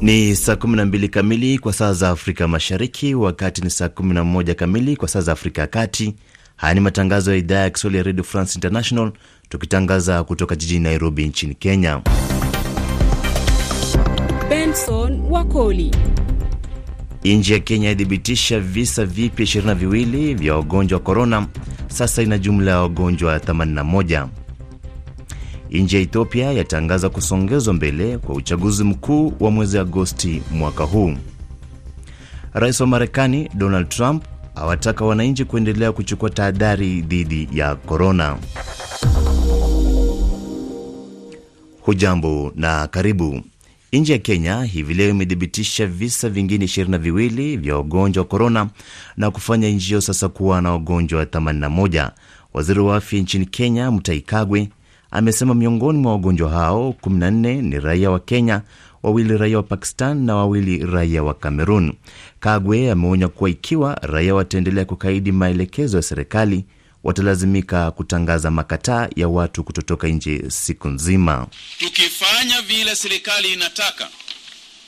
Ni saa 12 kamili kwa saa za Afrika Mashariki, wakati ni saa 11 kamili kwa saa za Afrika ya Kati. Haya ni matangazo ya idhaa ya Kiswahili ya Radio France International, tukitangaza kutoka jijini Nairobi nchini Kenya. Benson Wakoli. Nchi ya Kenya ithibitisha visa vipya 22 vya wagonjwa wa korona, sasa ina jumla ya wagonjwa 81 nje ya Ethiopia yatangaza kusongezwa mbele kwa uchaguzi mkuu wa mwezi Agosti mwaka huu. Rais wa Marekani Donald Trump awataka wananchi kuendelea kuchukua tahadhari dhidi ya korona. Hujambo na karibu. Nchi ya Kenya hivi leo imethibitisha visa vingine ishirini na viwili vya ugonjwa wa korona na kufanya nchi hiyo sasa kuwa na wagonjwa 81. Waziri wa afya nchini Kenya Mutahi Kagwe amesema miongoni mwa wagonjwa hao 14 ni raia wa Kenya, wawili raia wa Pakistan na wawili raia wa Kamerun. Kagwe ameonya kuwa ikiwa raia wataendelea kukaidi maelekezo ya serikali watalazimika kutangaza makataa ya watu kutotoka nje siku nzima. Tukifanya vile serikali inataka,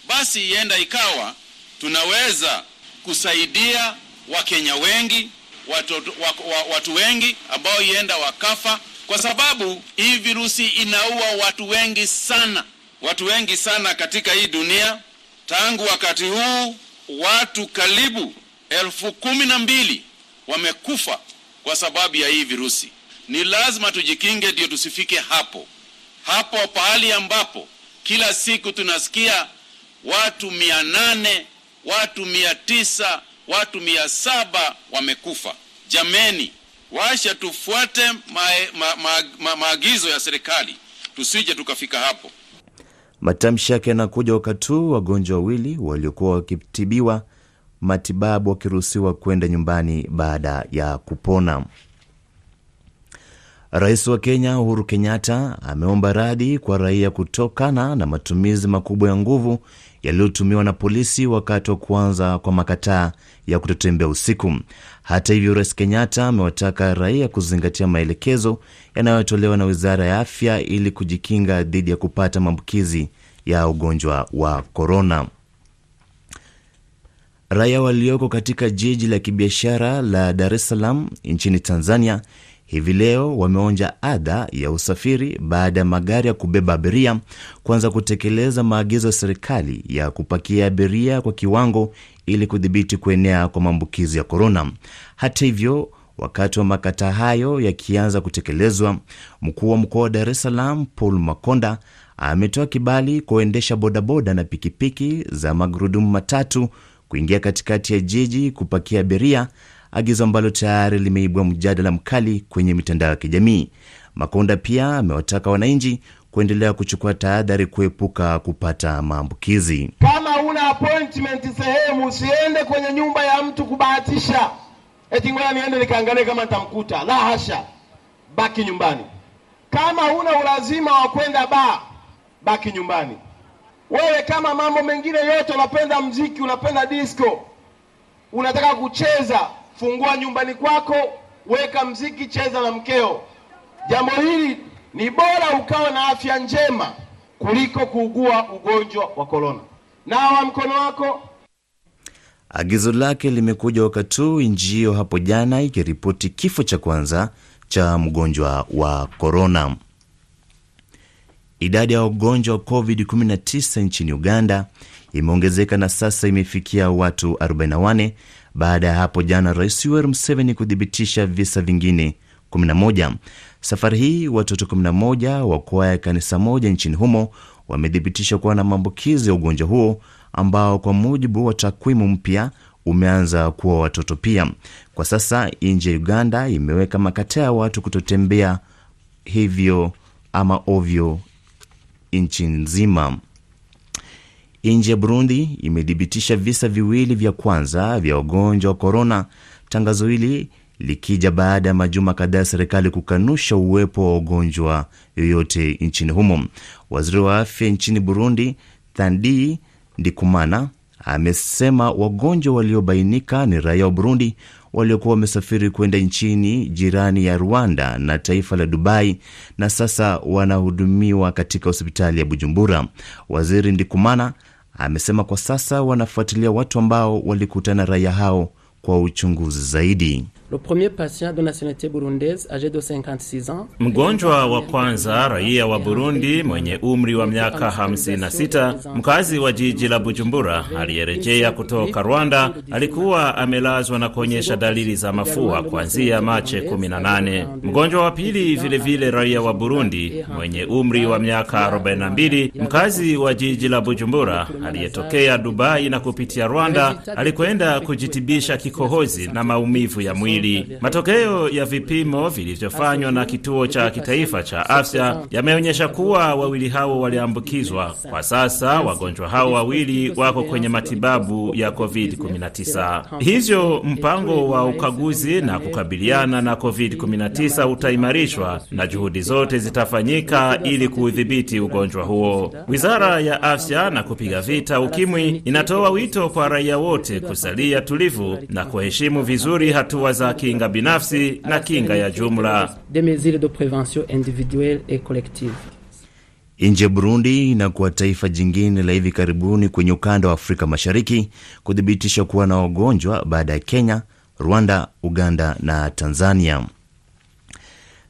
basi ienda ikawa tunaweza kusaidia Wakenya wengi watu, watu wengi ambao ienda wakafa kwa sababu hii virusi inaua watu wengi sana, watu wengi sana katika hii dunia. Tangu wakati huu watu karibu elfu kumi na mbili wamekufa kwa sababu ya hii virusi. Ni lazima tujikinge, ndio tusifike hapo hapo pahali ambapo kila siku tunasikia watu mia nane watu mia tisa watu mia saba wamekufa. Jameni, Washa tufuate maagizo ma, ma, ma, ma ya serikali, tusije tukafika hapo. Matamshi yake yanakuja wakati huu wagonjwa wawili waliokuwa wakitibiwa matibabu wakiruhusiwa kwenda nyumbani baada ya kupona. Rais wa Kenya Uhuru Kenyatta ameomba radi kwa raia kutokana na matumizi makubwa ya nguvu yaliyotumiwa na polisi wakati wa kuanza kwa makataa ya kutotembea usiku. Hata hivyo, Rais Kenyatta amewataka raia kuzingatia maelekezo yanayotolewa na Wizara ya Afya ili kujikinga dhidi ya kupata maambukizi ya ugonjwa wa korona. Raia walioko katika jiji la kibiashara la Dar es Salaam nchini Tanzania hivi leo wameonja adha ya usafiri baada ya magari ya kubeba abiria kuanza kutekeleza maagizo ya serikali ya kupakia abiria kwa kiwango ili kudhibiti kuenea kwa maambukizi ya korona. Hata hivyo, wakati wa makata hayo yakianza kutekelezwa, mkuu wa mkoa wa Dar es Salaam Paul Makonda ametoa kibali kuendesha bodaboda na pikipiki za magurudumu matatu kuingia katikati ya jiji kupakia abiria agizo ambalo tayari limeibwa mjadala mkali kwenye mitandao ya kijamii. Makonda pia amewataka wananchi kuendelea kuchukua tahadhari kuepuka kupata maambukizi. Kama una appointment sehemu, usiende kwenye nyumba ya mtu kubahatisha eti ngoja niende nikaangalie kama nitamkuta. La hasha, baki nyumbani. Kama una ulazima wa kwenda baa, baki nyumbani. Wewe kama mambo mengine yote, unapenda mziki, unapenda disco, unataka kucheza fungua nyumbani kwako, weka mziki, cheza na mkeo. Jambo hili ni bora ukawa na afya njema kuliko kuugua ugonjwa wa korona. Nawa mkono wako. Agizo lake limekuja wakati huu nchi hiyo hapo jana ikiripoti kifo cha kwanza cha mgonjwa wa korona. Idadi ya wagonjwa wa COVID-19 nchini Uganda imeongezeka na sasa imefikia watu baada ya hapo jana Rais Yoweri Museveni kuthibitisha visa vingine 11. Safari hii watoto 11 wa kwaya kanisa moja nchini humo wamethibitishwa kuwa na maambukizi ya ugonjwa huo ambao kwa mujibu wa takwimu mpya umeanza kuwa watoto pia. Kwa sasa nje ya Uganda imeweka makataa ya watu kutotembea hivyo ama ovyo nchi nzima. Nchi ya Burundi imedhibitisha visa viwili vya kwanza vya ugonjwa wa korona, tangazo hili likija baada ya majuma kadhaa ya serikali kukanusha uwepo wa ugonjwa yoyote nchini humo. Waziri wa afya nchini Burundi, Thandi Ndikumana, amesema wagonjwa waliobainika ni raia wa Burundi waliokuwa wamesafiri kwenda nchini jirani ya Rwanda na taifa la Dubai na sasa wanahudumiwa katika hospitali ya Bujumbura. Waziri Ndikumana Amesema kwa sasa wanafuatilia watu ambao walikutana raia hao kwa uchunguzi zaidi. Mgonjwa wa kwanza raia wa Burundi mwenye umri wa miaka 56, mkazi wa jiji la Bujumbura aliyerejea kutoka Rwanda, alikuwa amelazwa na kuonyesha dalili za mafua kuanzia Machi 18. Mgonjwa wa pili vilevile raia wa Burundi mwenye umri wa miaka 42, mkazi wa jiji la Bujumbura aliyetokea Dubai na kupitia Rwanda, alikwenda kujitibisha kikohozi na maumivu ya mwili zaidi. Matokeo ya vipimo vilivyofanywa na kituo cha kitaifa cha afya yameonyesha kuwa wawili hao waliambukizwa. Kwa sasa wagonjwa hao wawili wako kwenye matibabu ya COVID-19. Hivyo mpango wa ukaguzi na kukabiliana na COVID-19 utaimarishwa na juhudi zote zitafanyika ili kuudhibiti ugonjwa huo. Wizara ya Afya na kupiga vita ukimwi inatoa wito kwa raia wote kusalia tulivu na kuheshimu vizuri hatua za kinga binafsi na kinga ya jumla. Nje ya Burundi inakuwa taifa jingine la hivi karibuni kwenye ukanda wa Afrika Mashariki kuthibitisha kuwa na wagonjwa baada ya Kenya, Rwanda, Uganda na Tanzania.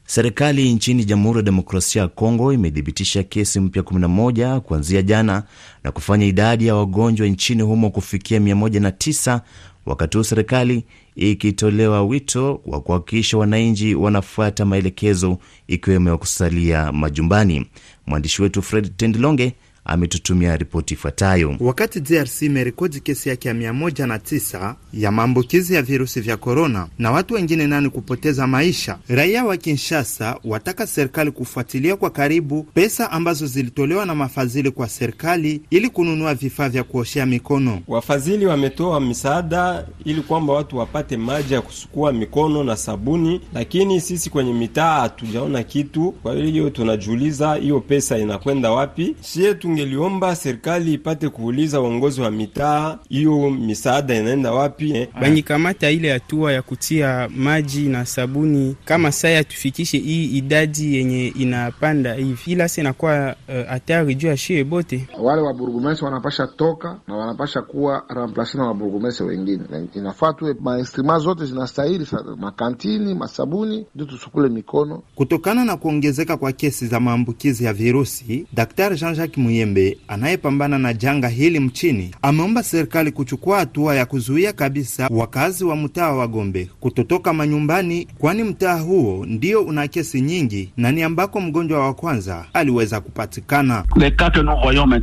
Serikali nchini Jamhuri ya Demokrasia ya Kongo imethibitisha kesi mpya 11 kuanzia jana na kufanya idadi ya wagonjwa nchini humo kufikia 109 wakati huu serikali ikitolewa wito wa kuhakikisha wananchi wanafuata maelekezo ikiwemo ya kusalia majumbani. Mwandishi wetu Fred tendlonge ametutumia ripoti ifuatayo. Wakati DRC imerekodi kesi yake ya mia moja na tisa ya maambukizi ya virusi vya korona na watu wengine nani kupoteza maisha, raia wa Kinshasa wataka serikali kufuatilia kwa karibu pesa ambazo zilitolewa na mafadhili kwa serikali ili kununua vifaa vya kuoshea mikono. Wafadhili wametoa misaada ili kwamba watu wapate maji ya kusukua mikono na sabuni, lakini sisi kwenye mitaa hatujaona kitu. Kwa hiyo tunajiuliza hiyo pesa inakwenda wapi? Sietu tungeliomba serikali ipate kuuliza uongozi wa mitaa hiyo misaada inaenda wapi eh? Bangikamata ile hatua ya kutia maji na sabuni kama saya tufikishe hii idadi yenye inapanda hivi, ila si nakuwa eh, hatari uh, juu ya shie bote. Wale waburgumesi wanapasha toka na wanapasha kuwa remplace na waburgumesi wengine. Inafaa tuwe maestrima zote zinastahili makantini, masabuni, ndio tusukule mikono kutokana na kuongezeka kwa kesi za maambukizi ya virusi. Daktari Jean-Jacques Muye Nyembe anayepambana na janga hili mchini ameomba serikali kuchukua hatua ya kuzuia kabisa wakazi wa mtaa wa Gombe kutotoka manyumbani, kwani mtaa huo ndio una kesi nyingi na ni ambako mgonjwa wa kwanza aliweza kupatikana.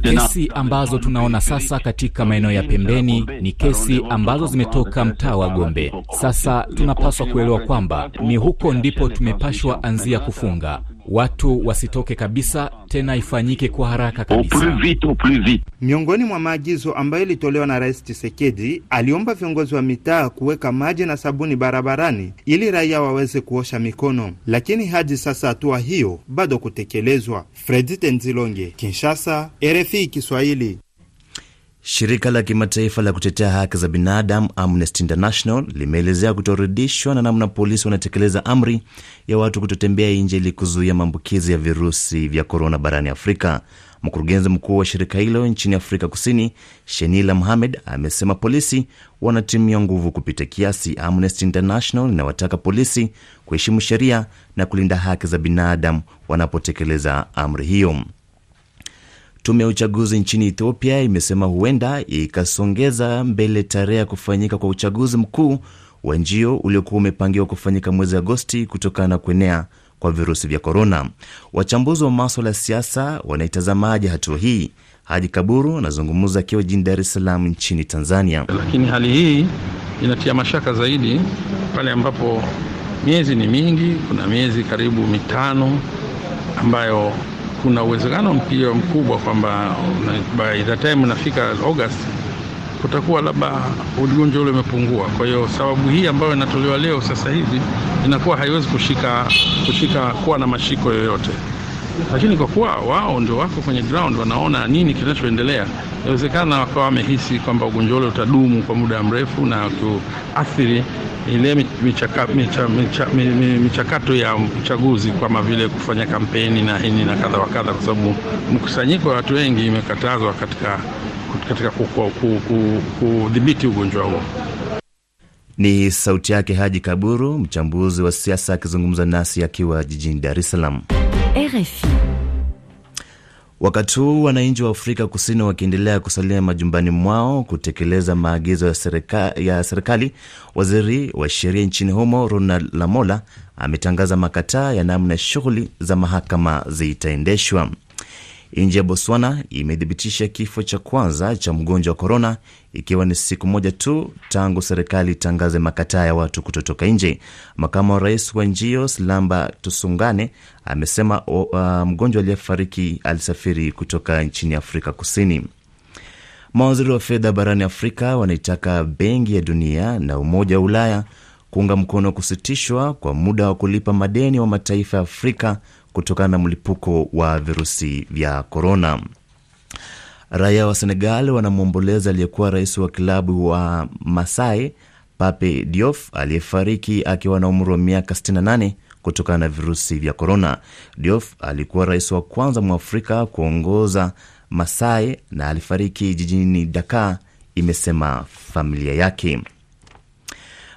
Kesi ambazo tunaona sasa katika maeneo ya pembeni ni kesi ambazo zimetoka mtaa wa Gombe. Sasa tunapaswa kuelewa kwamba ni huko ndipo tumepashwa anzia kufunga watu wasitoke kabisa tena, ifanyike kwa haraka kabisa. Miongoni mwa maagizo ambayo ilitolewa na Rais Tshisekedi, aliomba viongozi wa mitaa kuweka maji na sabuni barabarani ili raia waweze kuosha mikono, lakini hadi sasa hatua hiyo bado kutekelezwa. Fredi Tenzilonge, Kinshasa, RFI Kiswahili. Shirika la kimataifa la kutetea haki za binadamu Amnesty International limeelezea kutoridhishwa na namna polisi wanatekeleza amri ya watu kutotembea nje ili kuzuia maambukizi ya virusi vya korona barani Afrika. Mkurugenzi mkuu wa shirika hilo nchini Afrika Kusini, Shenila Mohamed, amesema polisi wanatumia nguvu kupita kiasi. Amnesty International inawataka polisi kuheshimu sheria na kulinda haki za binadamu wanapotekeleza amri hiyo. Tume ya uchaguzi nchini Ethiopia imesema huenda ikasongeza mbele tarehe ya kufanyika kwa uchaguzi mkuu wa njio uliokuwa umepangiwa kufanyika mwezi Agosti kutokana na kuenea kwa virusi vya korona. Wachambuzi wa maswala ya siasa wanaitazamaje hatua hii? Haji Kaburu anazungumza akiwa jijini Dar es Salaam nchini Tanzania. Lakini hali hii inatia mashaka zaidi pale ambapo miezi ni mingi, kuna miezi karibu mitano ambayo kuna uwezekano mpia mkubwa kwamba by the time unafika August kutakuwa labda ugonjwa ule umepungua. Kwa hiyo sababu hii ambayo inatolewa leo sasa hivi inakuwa haiwezi kushika, kushika kuwa na mashiko yoyote lakini kwa kuwa wao ndio wako kwenye ground, wanaona nini kinachoendelea, inawezekana wakawa wamehisi kwamba ugonjwa ule utadumu kwa muda mrefu na kuathiri ile michakato micha, micha, micha, micha ya uchaguzi kama vile kufanya kampeni na hini na kadha wa kadha, kwa sababu mkusanyiko wa watu wengi imekatazwa katika, katika kudhibiti ugonjwa huo. Ni sauti yake Haji Kaburu, mchambuzi wa siasa akizungumza nasi akiwa jijini Dar es Salaam. RFI. Wakati huu wananchi wa Afrika Kusini wakiendelea kusalia majumbani mwao kutekeleza maagizo ya serikali, ya serikali, waziri wa sheria nchini humo Ronald Lamola ametangaza makataa ya namna shughuli za mahakama zitaendeshwa. Nchi ya Botswana imethibitisha kifo cha kwanza cha mgonjwa wa korona ikiwa ni siku moja tu tangu serikali itangaze makataa ya watu kutotoka nje. Makamu wa rais wa njio Slamba Tusungane amesema uh, mgonjwa aliyefariki alisafiri kutoka nchini Afrika Kusini. Mawaziri wa fedha barani Afrika wanaitaka Benki ya Dunia na Umoja wa Ulaya kuunga mkono kusitishwa kwa muda wa kulipa madeni wa mataifa ya Afrika kutokana na mlipuko wa virusi vya korona. Raia wa Senegal wanamwomboleza aliyekuwa rais wa klabu wa Masai Pape Diof aliyefariki akiwa na umri wa miaka 68 kutokana na virusi vya korona. Diof alikuwa rais wa kwanza mwa Afrika kuongoza Masai na alifariki jijini Dakar, imesema familia yake.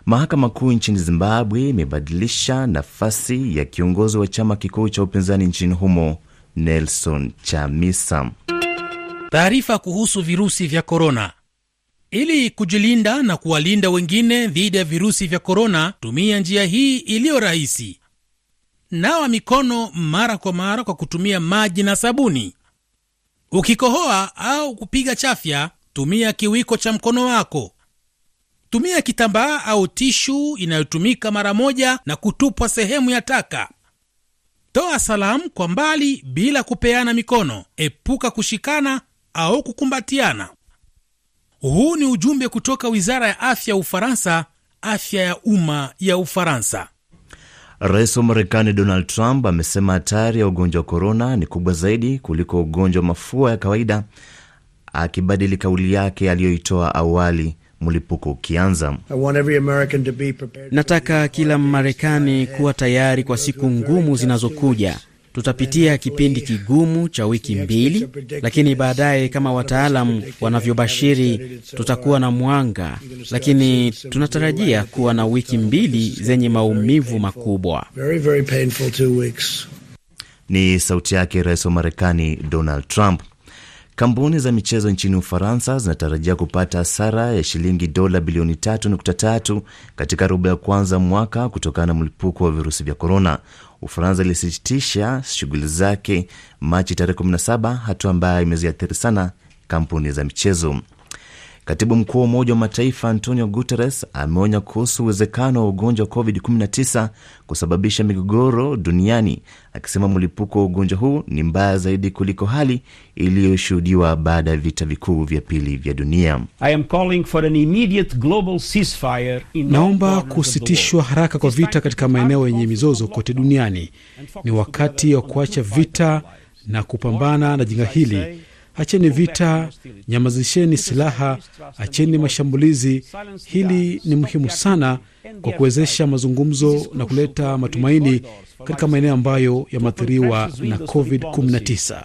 Mahakama Kuu nchini Zimbabwe imebadilisha nafasi ya kiongozi wa chama kikuu cha upinzani nchini humo Nelson Chamisa. Taarifa kuhusu virusi vya korona. Ili kujilinda na kuwalinda wengine dhidi ya virusi vya korona, tumia njia hii iliyo rahisi: nawa mikono mara kwa mara kwa kutumia maji na sabuni. Ukikohoa au kupiga chafya, tumia kiwiko cha mkono wako. Tumia kitambaa au tishu inayotumika mara moja na kutupwa sehemu ya taka. Toa salamu kwa mbali bila kupeana mikono. Epuka kushikana au kukumbatiana. Huu ni ujumbe kutoka wizara ya afya ya Ufaransa, afya ya umma ya Ufaransa. Rais wa Marekani Donald Trump amesema hatari ya ugonjwa wa korona ni kubwa zaidi kuliko ugonjwa wa mafua ya kawaida, akibadili kauli yake aliyoitoa awali mlipuko ukianza. Nataka kila Mmarekani kuwa tayari kwa siku ngumu zinazokuja Tutapitia kipindi kigumu cha wiki mbili, lakini baadaye, kama wataalam wanavyobashiri, tutakuwa na mwanga, lakini tunatarajia kuwa na wiki mbili zenye maumivu makubwa. Ni sauti yake rais wa Marekani Donald Trump. Kampuni za michezo nchini Ufaransa zinatarajia kupata hasara ya shilingi dola bilioni 3.3 katika robo ya kwanza mwaka kutokana na mlipuko wa virusi vya korona. Ufaransa ilisitisha shughuli zake Machi tarehe 17, hatua ambayo imeziathiri sana kampuni za michezo. Katibu mkuu wa Umoja wa Mataifa Antonio Guterres ameonya kuhusu uwezekano wa ugonjwa wa COVID-19 kusababisha migogoro duniani, akisema mlipuko wa ugonjwa huu ni mbaya zaidi kuliko hali iliyoshuhudiwa baada ya vita vikuu vya pili vya dunia. naomba kusitishwa haraka kwa vita katika maeneo yenye mizozo kote duniani. Ni wakati wa kuacha vita na kupambana na janga hili Acheni vita, nyamazisheni silaha, acheni mashambulizi. Hili ni muhimu sana kwa kuwezesha mazungumzo na kuleta matumaini katika maeneo ambayo yameathiriwa na COVID-19.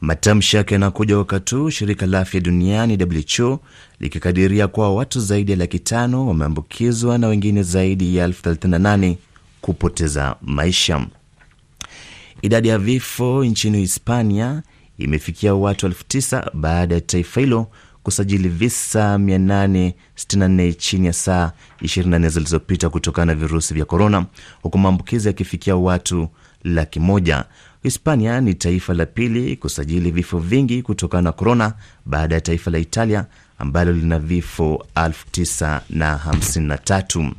Matamshi yake yanakuja wakati huu shirika la afya duniani WHO likikadiria kuwa watu zaidi ya laki tano wameambukizwa na wengine zaidi ya elfu 38 kupoteza maisha. Idadi ya vifo nchini Hispania imefikia watu elfu tisa baada ya taifa hilo kusajili visa 864 chini ya saa 24 zilizopita kutokana na virusi vya korona, huku maambukizi yakifikia watu laki moja. Hispania ni taifa la pili kusajili vifo vingi kutokana na korona baada ya taifa la Italia ambalo lina vifo 953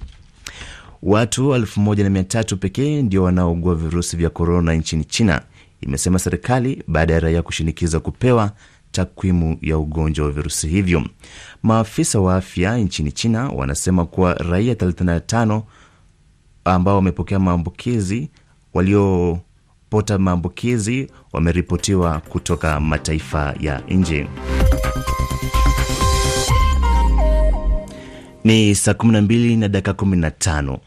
watu 1300 pekee ndio wanaougua virusi vya korona nchini China, imesema serikali baada ya raia kushinikiza kupewa takwimu ya ugonjwa wa virusi hivyo. Maafisa wa afya nchini China wanasema kuwa raia 35 ambao wamepokea maambukizi waliopota maambukizi wameripotiwa kutoka mataifa ya nje. Ni saa 12 na dakika 15.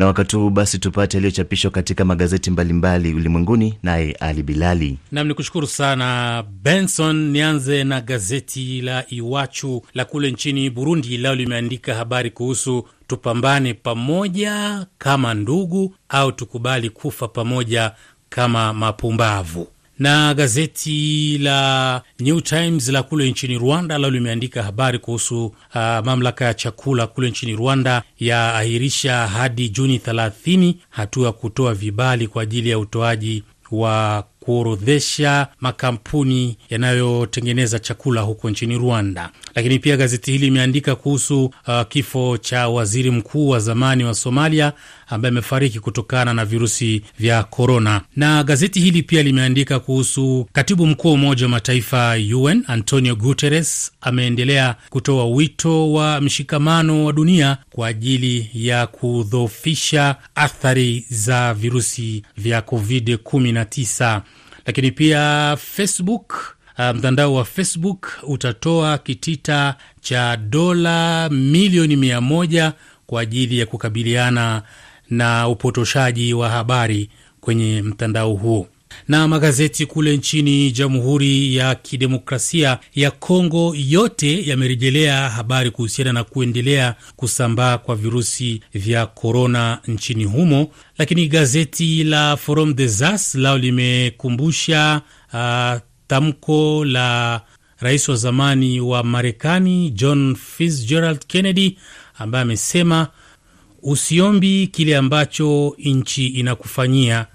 Na wakati huu basi tupate yaliyochapishwa katika magazeti mbalimbali ulimwenguni, naye Ali Bilali. Nam ni kushukuru sana Benson. Nianze na gazeti la Iwachu la kule nchini Burundi, lao limeandika habari kuhusu tupambane pamoja kama ndugu au tukubali kufa pamoja kama mapumbavu. Na gazeti la New Times la kule nchini Rwanda lao limeandika habari kuhusu uh, mamlaka ya chakula kule nchini Rwanda yaahirisha hadi Juni 30 hatua ya kutoa vibali kwa ajili ya utoaji wa kuorodhesha makampuni yanayotengeneza chakula huko nchini Rwanda. Lakini pia gazeti hili limeandika kuhusu uh, kifo cha waziri mkuu wa zamani wa Somalia ambaye amefariki kutokana na virusi vya korona. Na gazeti hili pia limeandika kuhusu katibu mkuu wa Umoja wa Mataifa UN Antonio Guterres ameendelea kutoa wito wa mshikamano wa dunia kwa ajili ya kudhoofisha athari za virusi vya COVID-19 lakini pia Facebook uh, mtandao um, wa Facebook utatoa kitita cha dola milioni mia moja kwa ajili ya kukabiliana na upotoshaji wa habari kwenye mtandao huo na magazeti kule nchini Jamhuri ya Kidemokrasia ya Kongo yote yamerejelea habari kuhusiana na kuendelea kusambaa kwa virusi vya korona nchini humo, lakini gazeti la Forum des As lao limekumbusha uh, tamko la rais wa zamani wa Marekani John Fitzgerald Kennedy ambaye amesema usiombi kile ambacho nchi inakufanyia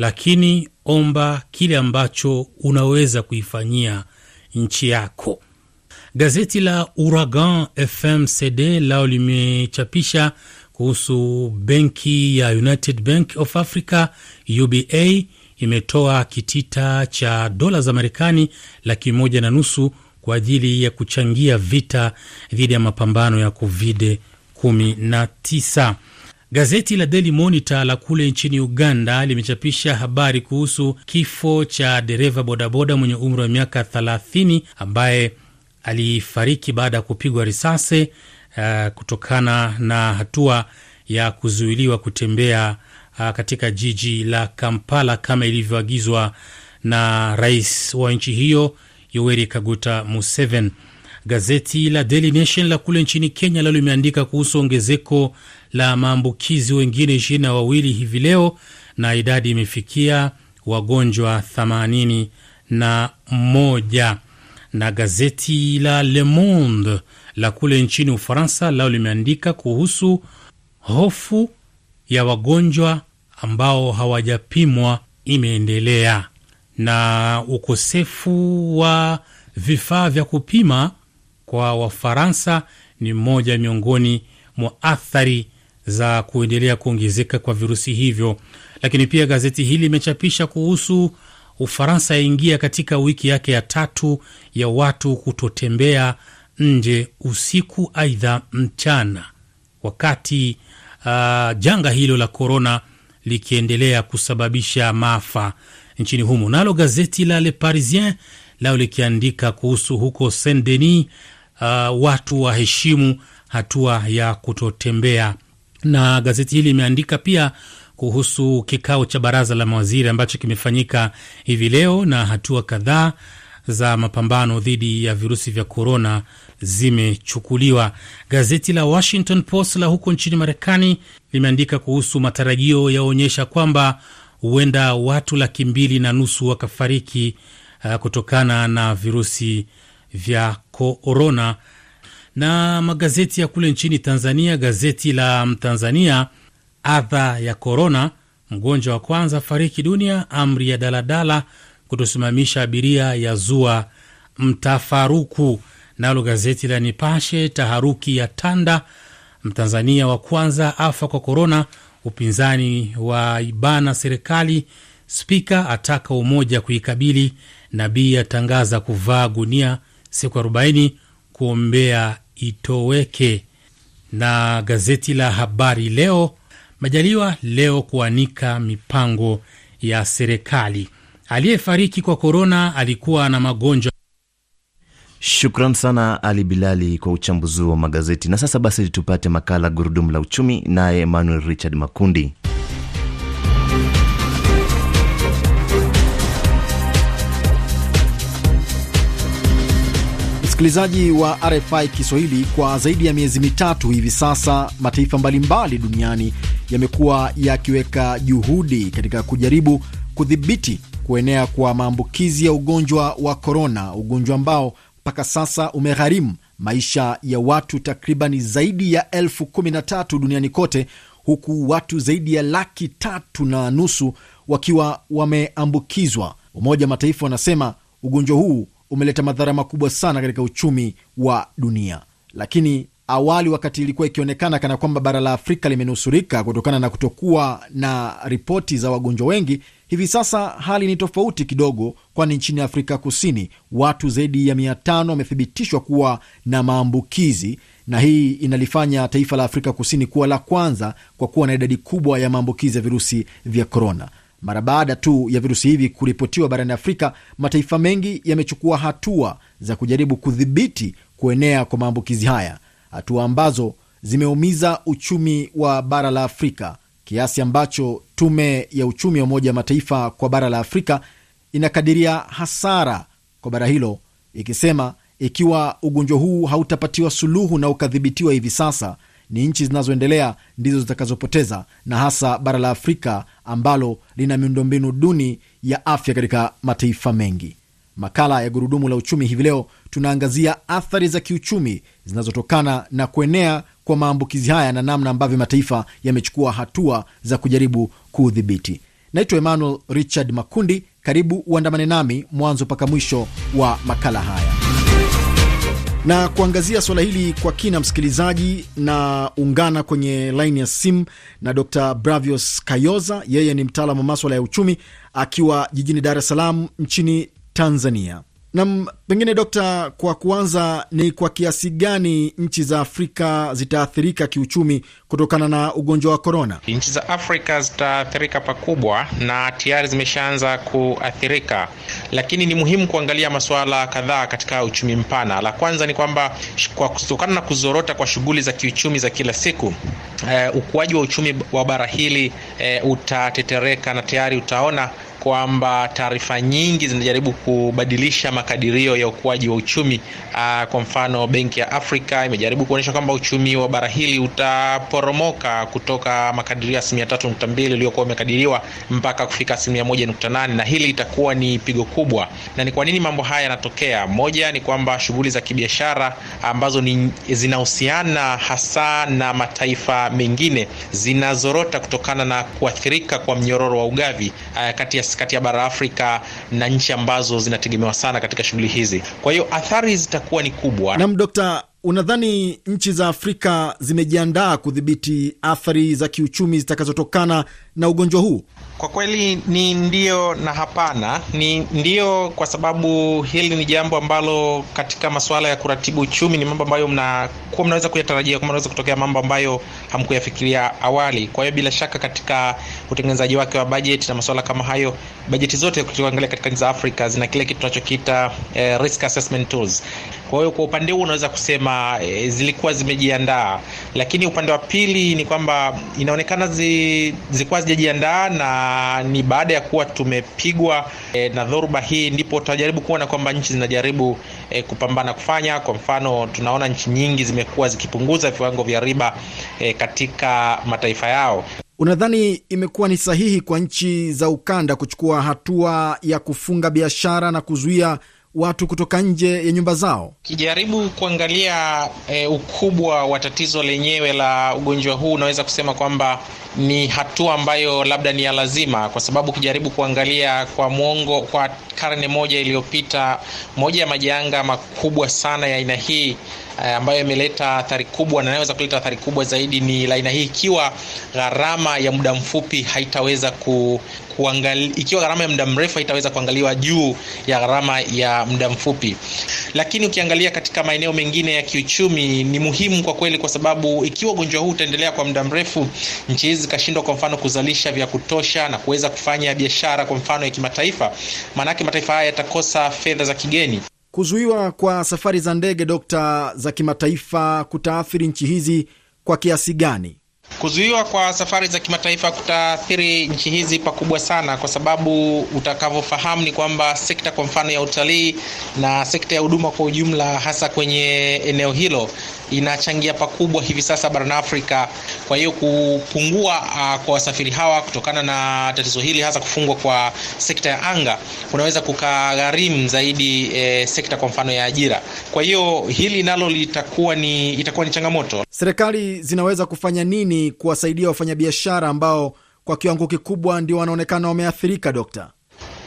lakini omba kile ambacho unaweza kuifanyia nchi yako. Gazeti la Uragan FMCD lao limechapisha kuhusu benki ya United Bank of Africa UBA imetoa kitita cha dola za Marekani laki moja na nusu kwa ajili ya kuchangia vita dhidi ya mapambano ya Covid 19. Gazeti la Daily Monitor la kule nchini Uganda limechapisha habari kuhusu kifo cha dereva bodaboda mwenye umri wa miaka 30 ambaye alifariki baada ya kupigwa risasi uh, kutokana na hatua ya kuzuiliwa kutembea uh, katika jiji la Kampala kama ilivyoagizwa na rais wa nchi hiyo Yoweri Kaguta Museveni. Gazeti la Daily Nation la kule nchini Kenya lalo limeandika kuhusu ongezeko la maambukizi wengine ishirini na wawili hivi leo na idadi imefikia wagonjwa 81 na Na gazeti la Le Monde la kule nchini Ufaransa lao limeandika kuhusu hofu ya wagonjwa ambao hawajapimwa imeendelea, na ukosefu wa vifaa vya kupima kwa Wafaransa ni mmoja miongoni mwa athari za kuendelea kuongezeka kwa virusi hivyo. Lakini pia gazeti hili limechapisha kuhusu Ufaransa yaingia katika wiki yake ya tatu ya watu kutotembea nje usiku aidha mchana, wakati uh, janga hilo la korona likiendelea kusababisha maafa nchini humo. Nalo gazeti la Le Parisien lao likiandika kuhusu huko Saint Denis, uh, ah, watu waheshimu hatua ya kutotembea na gazeti hili limeandika pia kuhusu kikao cha baraza la mawaziri ambacho kimefanyika hivi leo na hatua kadhaa za mapambano dhidi ya virusi vya korona zimechukuliwa. Gazeti la Washington Post la huko nchini Marekani limeandika kuhusu matarajio yaonyesha kwamba huenda watu laki mbili na nusu wakafariki uh, kutokana na virusi vya korona na magazeti ya kule nchini Tanzania, gazeti la Mtanzania, adha ya korona, mgonjwa wa kwanza fariki dunia, amri ya daladala kutosimamisha abiria ya zua mtafaruku. Nalo gazeti la Nipashe, taharuki ya tanda, mtanzania wa kwanza afa kwa korona, upinzani wa ibana serikali, spika ataka umoja kuikabili, nabii atangaza kuvaa gunia siku arobaini kuombea itoweke. Na gazeti la Habari Leo, Majaliwa leo kuanika mipango ya serikali. Aliyefariki kwa korona alikuwa na magonjwa. Shukran sana Ali Bilali kwa uchambuzi wa magazeti. Na sasa basi tupate makala Gurudumu la Uchumi, naye Emmanuel Richard Makundi. Msikilizaji wa RFI Kiswahili, kwa zaidi ya miezi mitatu hivi sasa, mataifa mbalimbali duniani yamekuwa yakiweka juhudi katika kujaribu kudhibiti kuenea kwa maambukizi ya ugonjwa wa korona, ugonjwa ambao mpaka sasa umegharimu maisha ya watu takribani zaidi ya elfu kumi na tatu duniani kote, huku watu zaidi ya laki tatu na nusu wakiwa wameambukizwa. Umoja wa Mataifa wanasema ugonjwa huu umeleta madhara makubwa sana katika uchumi wa dunia. Lakini awali, wakati ilikuwa ikionekana kana kwamba bara la Afrika limenusurika kutokana na kutokuwa na ripoti za wagonjwa wengi, hivi sasa hali ni tofauti kidogo, kwani nchini Afrika Kusini watu zaidi ya mia tano wamethibitishwa kuwa na maambukizi na hii inalifanya taifa la Afrika Kusini kuwa la kwanza kwa kuwa na idadi kubwa ya maambukizi ya virusi vya korona. Mara baada tu ya virusi hivi kuripotiwa barani Afrika, mataifa mengi yamechukua hatua za kujaribu kudhibiti kuenea kwa maambukizi haya, hatua ambazo zimeumiza uchumi wa bara la Afrika kiasi ambacho tume ya uchumi wa Umoja wa Mataifa kwa bara la Afrika inakadiria hasara kwa bara hilo ikisema, ikiwa ugonjwa huu hautapatiwa suluhu na ukadhibitiwa hivi sasa, ni nchi zinazoendelea ndizo zitakazopoteza na hasa bara la Afrika ambalo lina miundombinu duni ya afya katika mataifa mengi. Makala ya Gurudumu la Uchumi hivi leo tunaangazia athari za kiuchumi zinazotokana na kuenea kwa maambukizi haya na namna ambavyo mataifa yamechukua hatua za kujaribu kuudhibiti. Naitwa Emmanuel Richard Makundi. Karibu uandamane nami mwanzo mpaka mwisho wa makala haya. Na kuangazia suala hili kwa kina, msikilizaji, na ungana kwenye laini ya simu na Dr. Bravios Kayoza. Yeye ni mtaalamu wa maswala ya uchumi akiwa jijini Dar es Salaam nchini Tanzania. Nam, pengine Dokta, kwa kuanza, ni kwa kiasi gani nchi za Afrika zitaathirika kiuchumi kutokana na ugonjwa wa korona? Nchi za Afrika zitaathirika pakubwa na tayari zimeshaanza kuathirika, lakini ni muhimu kuangalia masuala kadhaa katika uchumi mpana. La kwanza ni kwamba kwa kutokana na kuzorota kwa shughuli za kiuchumi za kila siku, eh, ukuaji wa uchumi wa bara hili eh, utatetereka na tayari utaona kwamba taarifa nyingi zinajaribu kubadilisha makadirio ya ukuaji wa uchumi. Uh, kwa mfano Benki ya Afrika imejaribu kuonyesha kwamba uchumi wa bara hili utaporomoka kutoka makadirio ya asilimia tatu nukta mbili iliyokuwa imekadiriwa mpaka kufika asilimia moja nukta nane na hili itakuwa ni pigo kubwa. Na ni kwa nini mambo haya yanatokea? Moja ni kwamba shughuli za kibiashara ambazo ni zinahusiana hasa na mataifa mengine zinazorota kutokana na kuathirika kwa mnyororo wa ugavi uh, kati ya West kati ya bara Afrika na nchi ambazo zinategemewa sana katika shughuli hizi. Kwa hiyo athari zitakuwa ni kubwa. Naam, Dokta, unadhani nchi za Afrika zimejiandaa kudhibiti athari za kiuchumi zitakazotokana na ugonjwa huu? Kwa kweli ni ndio na hapana. Ni ndio kwa sababu hili ni jambo ambalo katika masuala ya kuratibu uchumi ni mambo ambayo mnakuwa mnaweza kuyatarajia kwa mnaweza kutokea mambo ambayo hamkuyafikiria awali. Kwa hiyo bila shaka katika utengenezaji wake wa bajeti na masuala kama hayo, bajeti zote angalia katika nchi za Afrika zina kile kitu tunachokiita eh, risk assessment tools kwa hiyo kwa upande huu unaweza kusema e, zilikuwa zimejiandaa, lakini upande wa pili ni kwamba inaonekana zi, zilikuwa zijajiandaa na ni baada ya kuwa tumepigwa e, na dhoruba hii, ndipo tutajaribu kuona kwamba nchi zinajaribu e, kupambana kufanya. Kwa mfano, tunaona nchi nyingi zimekuwa zikipunguza viwango vya riba e, katika mataifa yao. Unadhani imekuwa ni sahihi kwa nchi za ukanda kuchukua hatua ya kufunga biashara na kuzuia watu kutoka nje ya nyumba zao. kijaribu kuangalia e, ukubwa wa tatizo lenyewe la ugonjwa huu, unaweza kusema kwamba ni hatua ambayo labda ni ya lazima, kwa sababu kijaribu kuangalia kwa mwongo, kwa karne moja iliyopita, moja ya majanga makubwa sana ya aina hii eh, ambayo imeleta athari kubwa na inaweza kuleta athari kubwa zaidi ni la aina hii, ikiwa gharama ya muda mfupi haitaweza ku kuangali, ikiwa gharama ya muda mrefu haitaweza kuangaliwa juu ya gharama ya muda mfupi. Lakini ukiangalia katika maeneo mengine ya kiuchumi ni muhimu kwa kweli, kwa sababu ikiwa ugonjwa huu utaendelea kwa muda mrefu, nchi hizi zikashindwa kwa mfano kuzalisha vya kutosha na kuweza kufanya biashara kwa mfano ya kimataifa, maanake mataifa haya yatakosa fedha za kigeni. Kuzuiwa kwa safari za ndege dokta za kimataifa kutaathiri nchi hizi kwa kiasi gani? Kuzuiwa kwa safari za kimataifa kutaathiri nchi hizi pakubwa sana, kwa sababu utakavyofahamu ni kwamba sekta kwa mfano ya utalii na sekta ya huduma kwa ujumla, hasa kwenye eneo hilo, inachangia pakubwa hivi sasa barani Afrika. Kwa hiyo kupungua uh, kwa wasafiri hawa kutokana na tatizo hili, hasa kufungwa kwa sekta ya anga, kunaweza kukagharimu zaidi eh, sekta kwa mfano ya ajira. Kwa hiyo hili nalo litakuwa ni itakuwa ni changamoto. Serikali zinaweza kufanya nini kuwasaidia wafanyabiashara ambao kwa kiwango kikubwa ndio wanaonekana wameathirika, Dokta?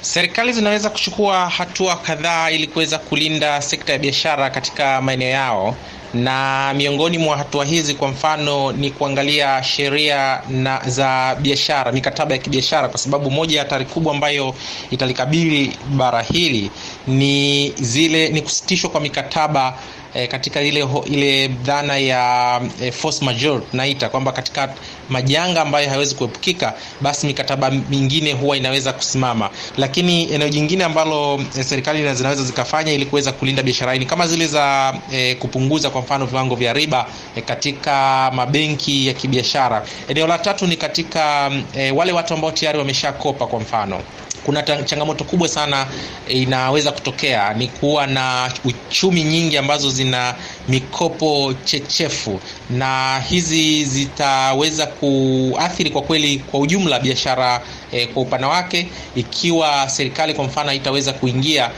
Serikali zinaweza kuchukua hatua kadhaa ili kuweza kulinda sekta ya biashara katika maeneo yao, na miongoni mwa hatua hizi, kwa mfano, ni kuangalia sheria na za biashara, mikataba ya kibiashara, kwa sababu moja ya hatari kubwa ambayo italikabili bara hili ni zile ni kusitishwa kwa mikataba e, katika ile, ile dhana ya e, force major tunaita kwamba katika majanga ambayo hayawezi kuepukika, basi mikataba mingine huwa inaweza kusimama. Lakini eneo jingine ambalo e, serikali zinaweza zikafanya ili kuweza kulinda biashara ni kama zile za e, kupunguza kwa mfano viwango vya riba e, katika mabenki ya kibiashara. Eneo la tatu ni katika e, wale watu ambao tayari wameshakopa kwa mfano kuna changamoto kubwa sana inaweza kutokea, ni kuwa na uchumi nyingi ambazo zina mikopo chechefu, na hizi zitaweza kuathiri kwa kweli kwa ujumla biashara eh, kwa upana wake, ikiwa serikali kwa mfano haitaweza kuingia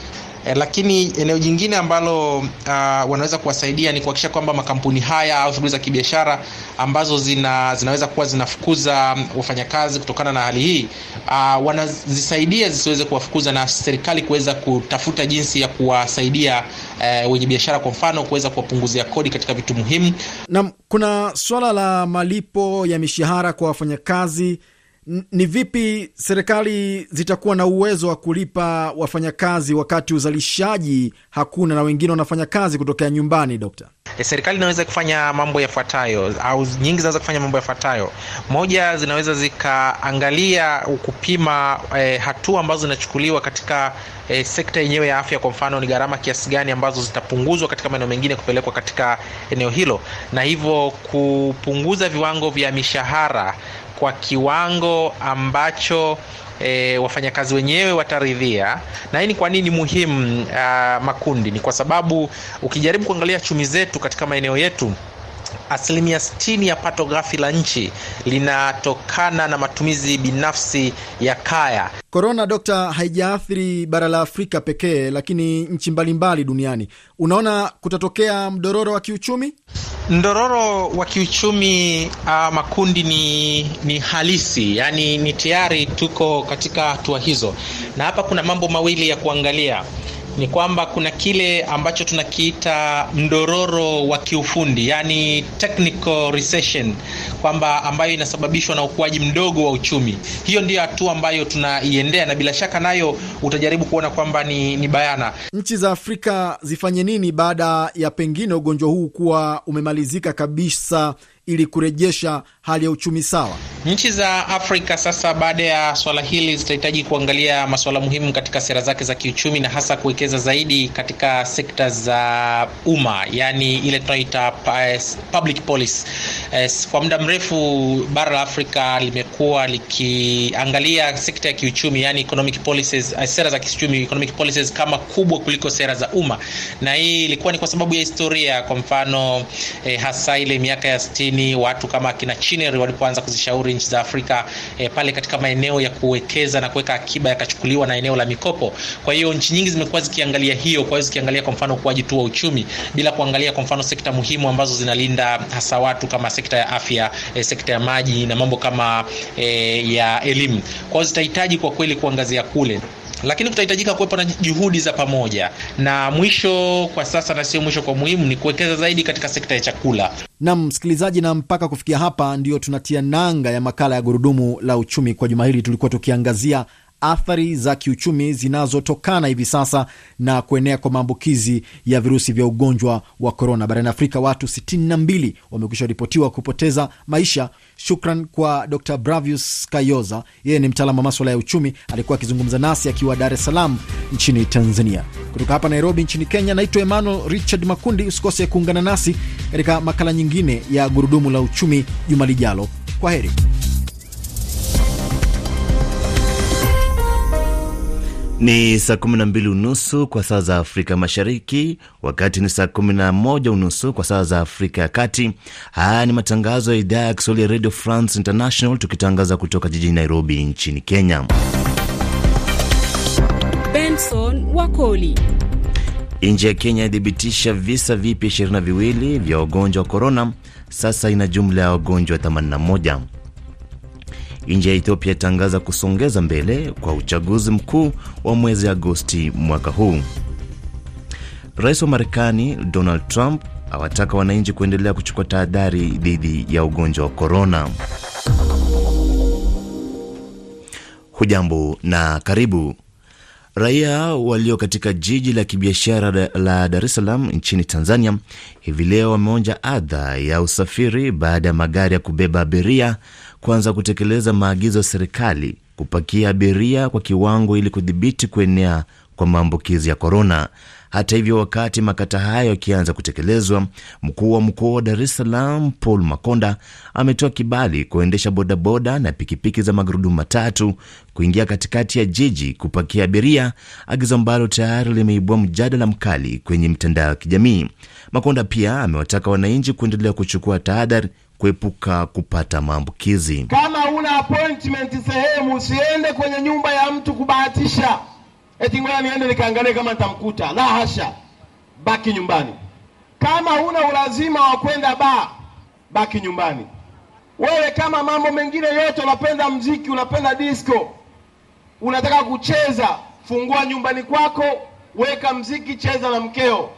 Eh, lakini eneo jingine ambalo uh, wanaweza kuwasaidia ni kuhakikisha kwamba makampuni haya au shughuli za kibiashara ambazo zina, zinaweza kuwa zinafukuza wafanyakazi kutokana na hali hii uh, wanazisaidia zisiweze kuwafukuza na serikali kuweza kutafuta jinsi ya kuwasaidia uh, wenye biashara kwa mfano kuweza kuwapunguzia kodi katika vitu muhimu. Na kuna swala la malipo ya mishahara kwa wafanyakazi ni vipi serikali zitakuwa na uwezo wa kulipa wafanyakazi wakati uzalishaji hakuna na wengine wanafanya kazi kutokea nyumbani, Dokta? E, serikali inaweza kufanya mambo yafuatayo au nyingi zinaweza kufanya mambo yafuatayo. Moja, zinaweza zikaangalia kupima e, hatua ambazo zinachukuliwa katika e, sekta yenyewe ya afya. Kwa mfano, ni gharama kiasi gani ambazo zitapunguzwa katika maeneo mengine kupelekwa katika eneo hilo, na hivyo kupunguza viwango vya mishahara kwa kiwango ambacho e, wafanyakazi wenyewe wataridhia. Na hii ni kwa nini muhimu uh, makundi? Ni kwa sababu ukijaribu kuangalia chumi zetu katika maeneo yetu asilimia 60 ya pato ghafi la nchi linatokana na matumizi binafsi ya kaya. Korona dokta, haijaathiri bara la Afrika pekee, lakini nchi mbalimbali duniani. Unaona kutatokea mdororo wa kiuchumi? Mdororo wa kiuchumi uh, makundi ni, ni halisi, yani ni tayari tuko katika hatua hizo, na hapa kuna mambo mawili ya kuangalia ni kwamba kuna kile ambacho tunakiita mdororo wa kiufundi, yani technical recession, kwamba ambayo inasababishwa na ukuaji mdogo wa uchumi. Hiyo ndiyo hatua ambayo tunaiendea, na bila shaka nayo utajaribu kuona kwamba ni, ni bayana nchi za Afrika zifanye nini baada ya pengine ugonjwa huu kuwa umemalizika kabisa ili kurejesha hali ya uchumi sawa. Nchi za Afrika sasa, baada ya swala hili, zitahitaji kuangalia masuala muhimu katika sera zake za kiuchumi na hasa kuwekeza zaidi katika sekta za umma, yani ile tunaita public policy. Eh, kwa muda mrefu bara la Afrika limekuwa likiangalia sekta ya kiuchumi, yani economic policies, eh, sera za kiuchumi economic policies kama kubwa kuliko sera za umma, na hii ilikuwa ni kwa sababu ya historia. Kwa mfano eh, hasa ile miaka ya 60 watu kama akina machinery walipoanza kuzishauri nchi za Afrika eh, pale katika maeneo ya kuwekeza na kuweka akiba yakachukuliwa na eneo la mikopo. Kwa hiyo nchi nyingi zimekuwa zikiangalia hiyo, kwa hiyo zikiangalia kwa mfano ukuaji tu wa uchumi bila kuangalia kwa mfano sekta muhimu ambazo zinalinda hasa watu kama sekta ya afya, eh, sekta ya maji na mambo kama eh, ya elimu. Kwa hiyo zitahitaji kwa kweli kuangazia kule lakini kutahitajika kuwepo na juhudi za pamoja. Na mwisho kwa sasa na sio mwisho kwa muhimu, ni kuwekeza zaidi katika sekta ya chakula. Nam msikilizaji, na mpaka kufikia hapa, ndiyo tunatia nanga ya makala ya Gurudumu la Uchumi kwa juma hili. Tulikuwa tukiangazia athari za kiuchumi zinazotokana hivi sasa na kuenea kwa maambukizi ya virusi vya ugonjwa wa korona barani Afrika. Watu 62 wamekwisha ripotiwa kupoteza maisha. Shukran kwa Dr Bravius Kayoza, yeye ni mtaalamu wa maswala ya uchumi, alikuwa akizungumza nasi akiwa Dar es Salaam nchini Tanzania. Kutoka hapa Nairobi nchini Kenya, naitwa Emmanuel Richard Makundi. Usikose kuungana nasi katika makala nyingine ya Gurudumu la Uchumi juma lijalo. Kwa heri. Ni saa 12 unusu kwa saa za Afrika Mashariki, wakati ni saa 11 unusu kwa saa za Afrika ya Kati. Haya ni matangazo ya idhaa ya Kiswahili ya Radio France International, tukitangaza kutoka jijini Nairobi nchini Kenya. Benson Wakoli. Nchi ya Kenya yathibitisha visa vipya 2 viwili vya wagonjwa wa korona, sasa ina jumla ya wagonjwa 81 nchi ya Ethiopia itangaza kusongeza mbele kwa uchaguzi mkuu wa mwezi Agosti mwaka huu. Rais wa Marekani Donald Trump awataka wananchi kuendelea kuchukua tahadhari dhidi ya ugonjwa wa korona. Hujambo na karibu. Raia walio katika jiji la kibiashara la Dar es Salaam nchini Tanzania hivi leo wameonja adha ya usafiri baada ya magari ya kubeba abiria kuanza kutekeleza maagizo ya serikali kupakia abiria kwa kiwango ili kudhibiti kuenea kwa maambukizi ya korona. Hata hivyo, wakati makata hayo yakianza kutekelezwa, mkuu wa mkoa wa Dar es Salaam Paul Makonda ametoa kibali kuendesha bodaboda na pikipiki za magurudumu matatu kuingia katikati ya jiji kupakia abiria, agizo ambalo tayari limeibua mjadala mkali kwenye mitandao ya kijamii. Makonda pia amewataka wananchi kuendelea kuchukua tahadhari kuepuka kupata maambukizi. Kama una appointment sehemu, usiende kwenye nyumba ya mtu kubahatisha eti ngoja niende nikaangalie kama nitamkuta. La hasha, baki nyumbani. Kama una ulazima wa kwenda baa, baki nyumbani. Wewe kama mambo mengine yote unapenda mziki, unapenda disco, unataka kucheza, fungua nyumbani kwako, weka mziki, cheza na mkeo.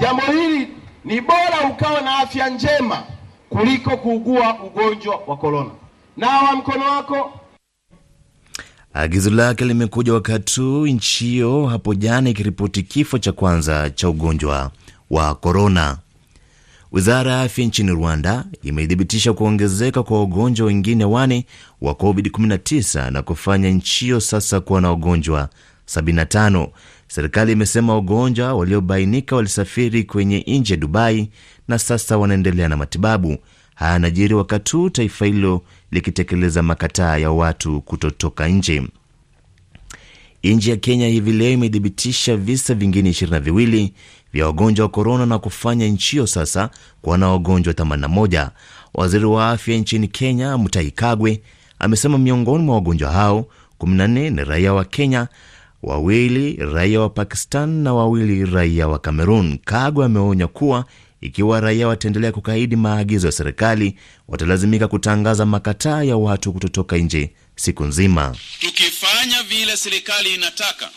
Jambo hili ni bora ukawa na afya njema kuliko kuugua ugonjwa wa korona. Nawa mkono wako. Agizo lake limekuja wakati huu nchi hiyo hapo jana ikiripoti kifo cha kwanza cha ugonjwa wa korona. Wizara ya afya nchini Rwanda imethibitisha kuongezeka kwa wagonjwa wengine wane wa COVID-19 na kufanya nchi hiyo sasa kuwa na wagonjwa 75. Serikali imesema wagonjwa waliobainika walisafiri kwenye nje ya Dubai na sasa wanaendelea na matibabu. Haya yanajiri wakati huu taifa hilo likitekeleza makataa ya watu kutotoka nje. Nchi ya Kenya hivi leo imethibitisha visa vingine 2 viwili vya wagonjwa wa korona na kufanya nchi hiyo sasa kuwa na wagonjwa 81. Waziri wa afya nchini Kenya Mutahi Kagwe amesema miongoni mwa wagonjwa hao 14 ni raia wa Kenya wawili raia wa Pakistan na wawili raia wa Kamerun. Kagwe ameonya kuwa ikiwa raia wataendelea kukaidi maagizo ya serikali, watalazimika kutangaza makataa ya watu kutotoka nje siku nzima. Tukifanya vile serikali inataka,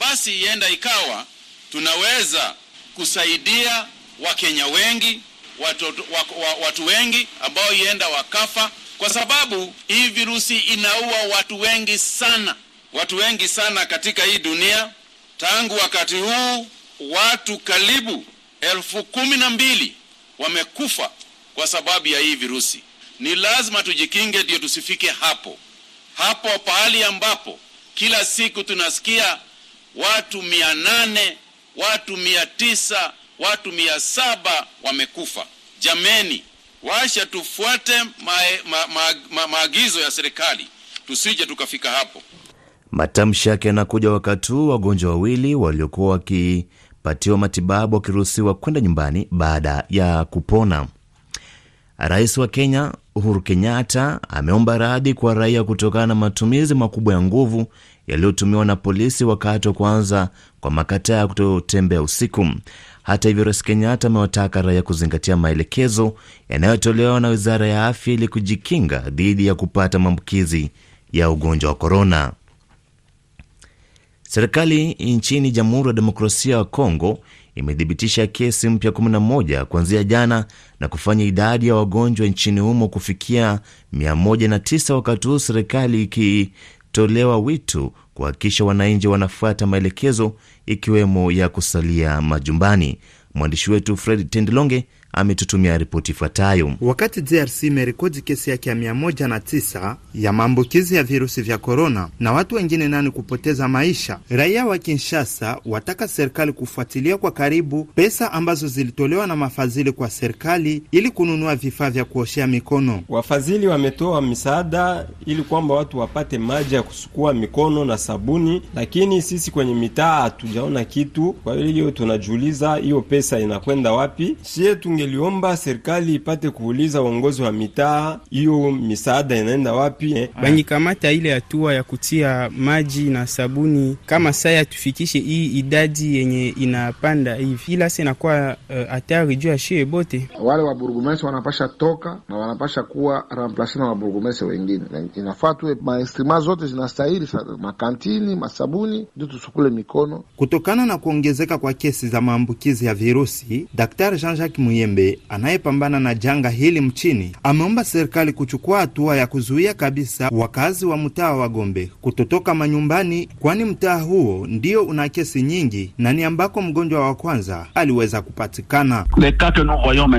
basi ienda ikawa tunaweza kusaidia Wakenya wengi watu, watu wengi ambao ienda wakafa, kwa sababu hii virusi inaua watu wengi sana watu wengi sana katika hii dunia. Tangu wakati huu watu karibu elfu kumi na mbili wamekufa kwa sababu ya hii virusi. Ni lazima tujikinge, ndio tusifike hapo hapo pahali ambapo kila siku tunasikia watu mia nane watu mia tisa watu mia saba wamekufa. Jameni, washa tufuate maagizo ma, ma, ma, ma ya serikali, tusije tukafika hapo. Matamshi yake yanakuja wakati huu wagonjwa wawili waliokuwa wakipatiwa matibabu wakiruhusiwa kwenda nyumbani baada ya kupona. Rais wa Kenya Uhuru Kenyatta ameomba radhi kwa raia kutokana na matumizi makubwa ya nguvu yaliyotumiwa na polisi wakati wa kuanza kwa makataa ya kutotembea usiku. Hata hivyo, Rais Kenyatta amewataka raia kuzingatia maelekezo yanayotolewa na Wizara ya Afya ili kujikinga dhidi ya kupata maambukizi ya ugonjwa wa korona. Serikali nchini Jamhuri ya Demokrasia ya Kongo imethibitisha kesi mpya 11 kuanzia jana na kufanya idadi ya wagonjwa nchini humo kufikia 109, wakati huu serikali ikitolewa wito kuhakikisha wananchi wanafuata maelekezo ikiwemo ya kusalia majumbani. Mwandishi wetu Fred Tendilonge ametutumia ripoti ifuatayo. Wakati DRC imerekodi kesi yake ya mia moja na tisa ya maambukizi ya virusi vya korona na watu wengine nani kupoteza maisha, raia wa Kinshasa wataka serikali kufuatilia kwa karibu pesa ambazo zilitolewa na mafadhili kwa serikali ili kununua vifaa vya kuoshea mikono. Wafadhili wametoa misaada ili kwamba watu wapate maji ya kusukua mikono na sabuni, lakini sisi kwenye mitaa hatujaona kitu. Kwa hiyo tunajiuliza hiyo pesa inakwenda wapi? tungeliomba serikali ipate kuuliza uongozi wa mitaa hiyo misaada inaenda wapi eh? Banyikamata ile hatua ya kutia maji na sabuni kama saya tufikishe hii idadi yenye inapanda hivi, ila sasa inakuwa eh, hatari uh, juu ya shie bote. Wale waburgumese wanapasha toka na wanapasha kuwa remplace na waburgumese wengine. Inafaa tuwe maestrima zote zinastahili makantini, masabuni ndio tusukule mikono. Kutokana na kuongezeka kwa kesi za maambukizi ya virusi, Daktari Jean-Jacques Muyembe Chembe anayepambana na janga hili mchini ameomba serikali kuchukua hatua ya kuzuia kabisa wakazi wa mtaa wa Gombe kutotoka manyumbani, kwani mtaa huo ndio una kesi nyingi na ni ambako mgonjwa wa kwanza aliweza kupatikana.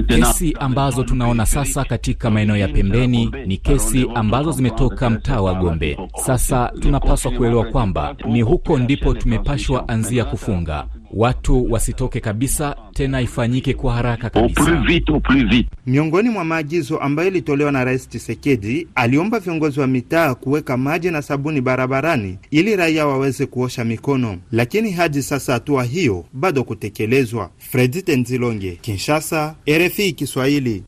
Kesi ambazo tunaona sasa katika maeneo ya pembeni ni kesi ambazo zimetoka mtaa wa Gombe. Sasa tunapaswa kuelewa kwamba ni huko ndipo tumepashwa anzia kufunga watu wasitoke kabisa, tena ifanyike kwa haraka kabisa, Miongoni mwa maagizo ambayo ilitolewa na Rais Tshisekedi, aliomba viongozi wa mitaa kuweka maji na sabuni barabarani ili raia waweze kuosha mikono, lakini hadi sasa hatua hiyo bado kutekelezwa. Fredi Tenzilonge, Kinshasa, RFI Kiswahili.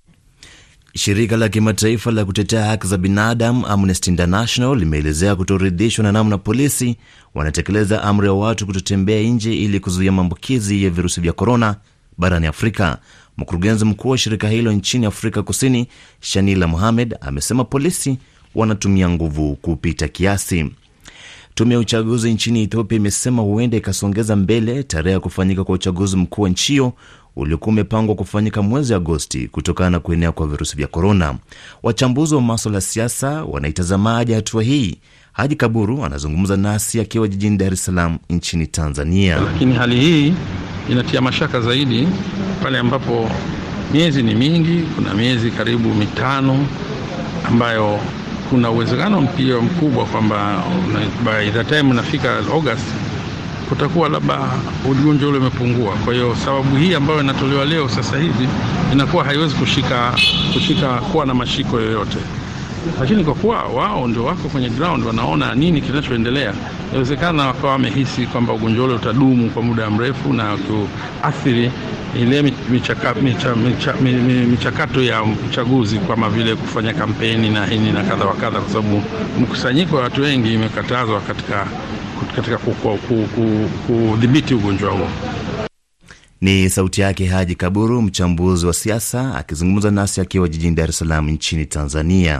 Shirika la kimataifa la kutetea haki za binadamu Amnesty International limeelezea kutoridhishwa na namna polisi wanatekeleza amri ya watu kutotembea nje ili kuzuia maambukizi ya virusi vya korona barani Afrika. Mkurugenzi mkuu wa shirika hilo nchini Afrika Kusini, Shanila Mohamed, amesema polisi wanatumia nguvu kupita kiasi. Tume ya uchaguzi nchini Ethiopia imesema huenda ikasongeza mbele tarehe ya kufanyika kwa uchaguzi mkuu wa nchi hiyo uliokuwa umepangwa kufanyika mwezi Agosti kutokana na kuenea kwa virusi vya korona. Wachambuzi wa maswala ya siasa wanaitazamaje hatua hii? Haji Kaburu anazungumza nasi akiwa jijini Dar es Salaam nchini Tanzania. Lakini hali hii inatia mashaka zaidi pale ambapo miezi ni mingi, kuna miezi karibu mitano ambayo kuna uwezekano mpio mkubwa kwamba by the time unafika August kutakuwa labda ugonjwa ule umepungua. Kwa hiyo sababu hii ambayo inatolewa leo sasa hivi inakuwa haiwezi kushika, kushika kuwa na mashiko yoyote, lakini kwa kuwa wao ndio wako kwenye ground, wanaona nini kinachoendelea, inawezekana wakawa wamehisi kwamba ugonjwa ule utadumu kwa muda mrefu na kuathiri ile michakato micha, micha, micha, ya uchaguzi kama vile kufanya kampeni na hini na kadha wa kadha, kwa sababu mkusanyiko wa watu wengi imekatazwa katika katika kudhibiti ugonjwa huo. Ni sauti yake Haji Kaburu, mchambuzi wa siasa akizungumza nasi akiwa jijini Dar es Salaam nchini Tanzania.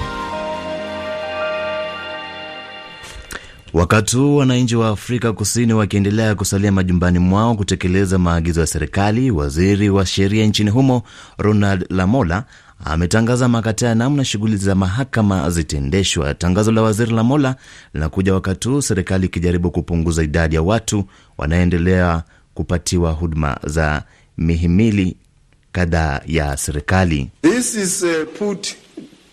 Wakati huu wananchi wa Afrika Kusini wakiendelea kusalia majumbani mwao kutekeleza maagizo ya serikali, waziri wa sheria nchini humo Ronald Lamola ametangaza makataa ya namna shughuli za mahakama zitendeshwa. Tangazo la waziri Lamola linakuja wakati huu serikali ikijaribu kupunguza idadi ya watu wanaendelea kupatiwa huduma za mihimili kadhaa ya serikali. This is, uh, put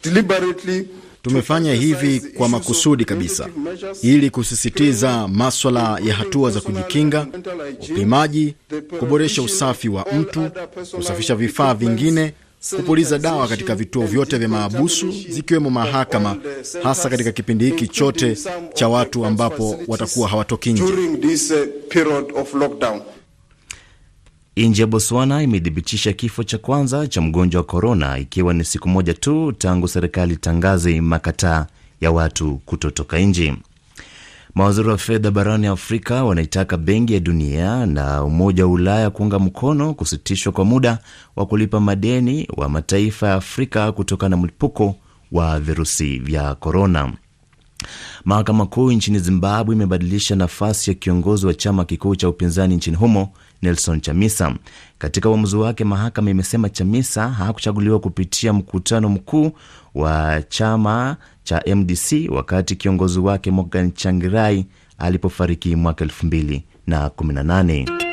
deliberately Tumefanya hivi kwa makusudi kabisa, ili kusisitiza maswala ya hatua za kujikinga, upimaji, kuboresha usafi wa mtu, kusafisha vifaa vingine, kupuliza dawa katika vituo vyote vya maabusu, zikiwemo mahakama, hasa katika kipindi hiki chote cha watu ambapo watakuwa hawatoki nje. Nchi ya Botswana imethibitisha kifo cha kwanza cha mgonjwa wa korona, ikiwa ni siku moja tu tangu serikali tangaze makataa ya watu kutotoka nje. Mawaziri wa fedha barani Afrika wanaitaka Benki ya Dunia na Umoja wa Ulaya kuunga mkono kusitishwa kwa muda wa kulipa madeni wa mataifa ya Afrika kutokana na mlipuko wa virusi vya korona. Mahakama Kuu nchini Zimbabwe imebadilisha nafasi ya kiongozi wa chama kikuu cha upinzani nchini humo Nelson Chamisa. Katika uamuzi wake, mahakama imesema Chamisa hakuchaguliwa kupitia mkutano mkuu wa chama cha MDC wakati kiongozi wake Morgan Changirai alipofariki mwaka 2018.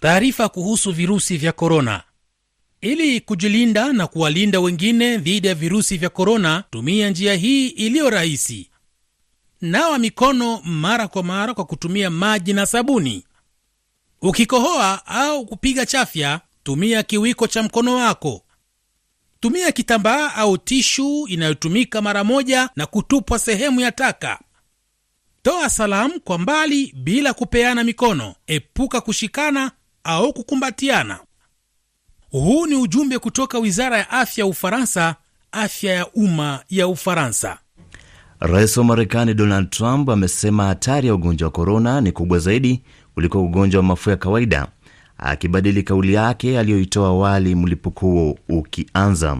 Taarifa kuhusu virusi vya korona. Ili kujilinda na kuwalinda wengine dhidi ya virusi vya korona, tumia njia hii iliyo rahisi: nawa mikono mara kwa mara kwa kutumia maji na sabuni. Ukikohoa au kupiga chafya, tumia kiwiko cha mkono wako. Tumia kitambaa au tishu inayotumika mara moja na kutupwa sehemu ya taka. Toa salamu kwa mbali bila kupeana mikono. Epuka kushikana au kukumbatiana. Huu ni ujumbe kutoka wizara ya afya ya Ufaransa, afya ya umma ya Ufaransa. Rais wa Marekani Donald Trump amesema hatari ya ugonjwa wa korona ni kubwa zaidi kuliko ugonjwa wa mafua ya kawaida, akibadili kauli yake aliyoitoa awali mlipuko huo ukianza.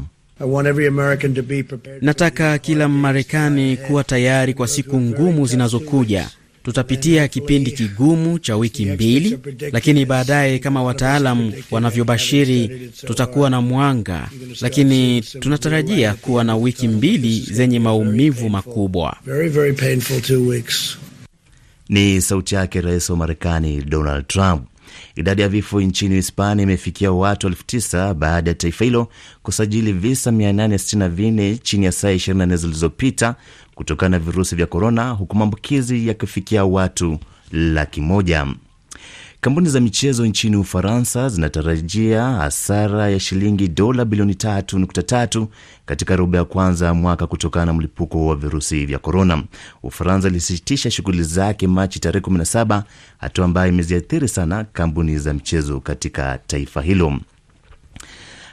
Nataka kila Mmarekani kuwa tayari kwa siku ngumu zinazokuja. Tutapitia kipindi kigumu cha wiki mbili, lakini baadaye, kama wataalam wanavyobashiri, tutakuwa na mwanga, lakini tunatarajia kuwa na wiki mbili zenye maumivu makubwa. Ni sauti yake rais wa Marekani Donald Trump. Idadi ya vifo nchini Hispania imefikia watu elfu tisa baada ya taifa hilo kusajili visa 864 chini ya saa 24 zilizopita kutokana na virusi vya korona, huku maambukizi yakifikia watu laki moja. Kampuni za michezo nchini Ufaransa zinatarajia hasara ya shilingi dola bilioni 3.3 katika robo ya kwanza ya mwaka kutokana na mlipuko wa virusi vya korona. Ufaransa ilisitisha shughuli zake Machi tarehe 17, hatua ambayo imeziathiri sana kampuni za michezo katika taifa hilo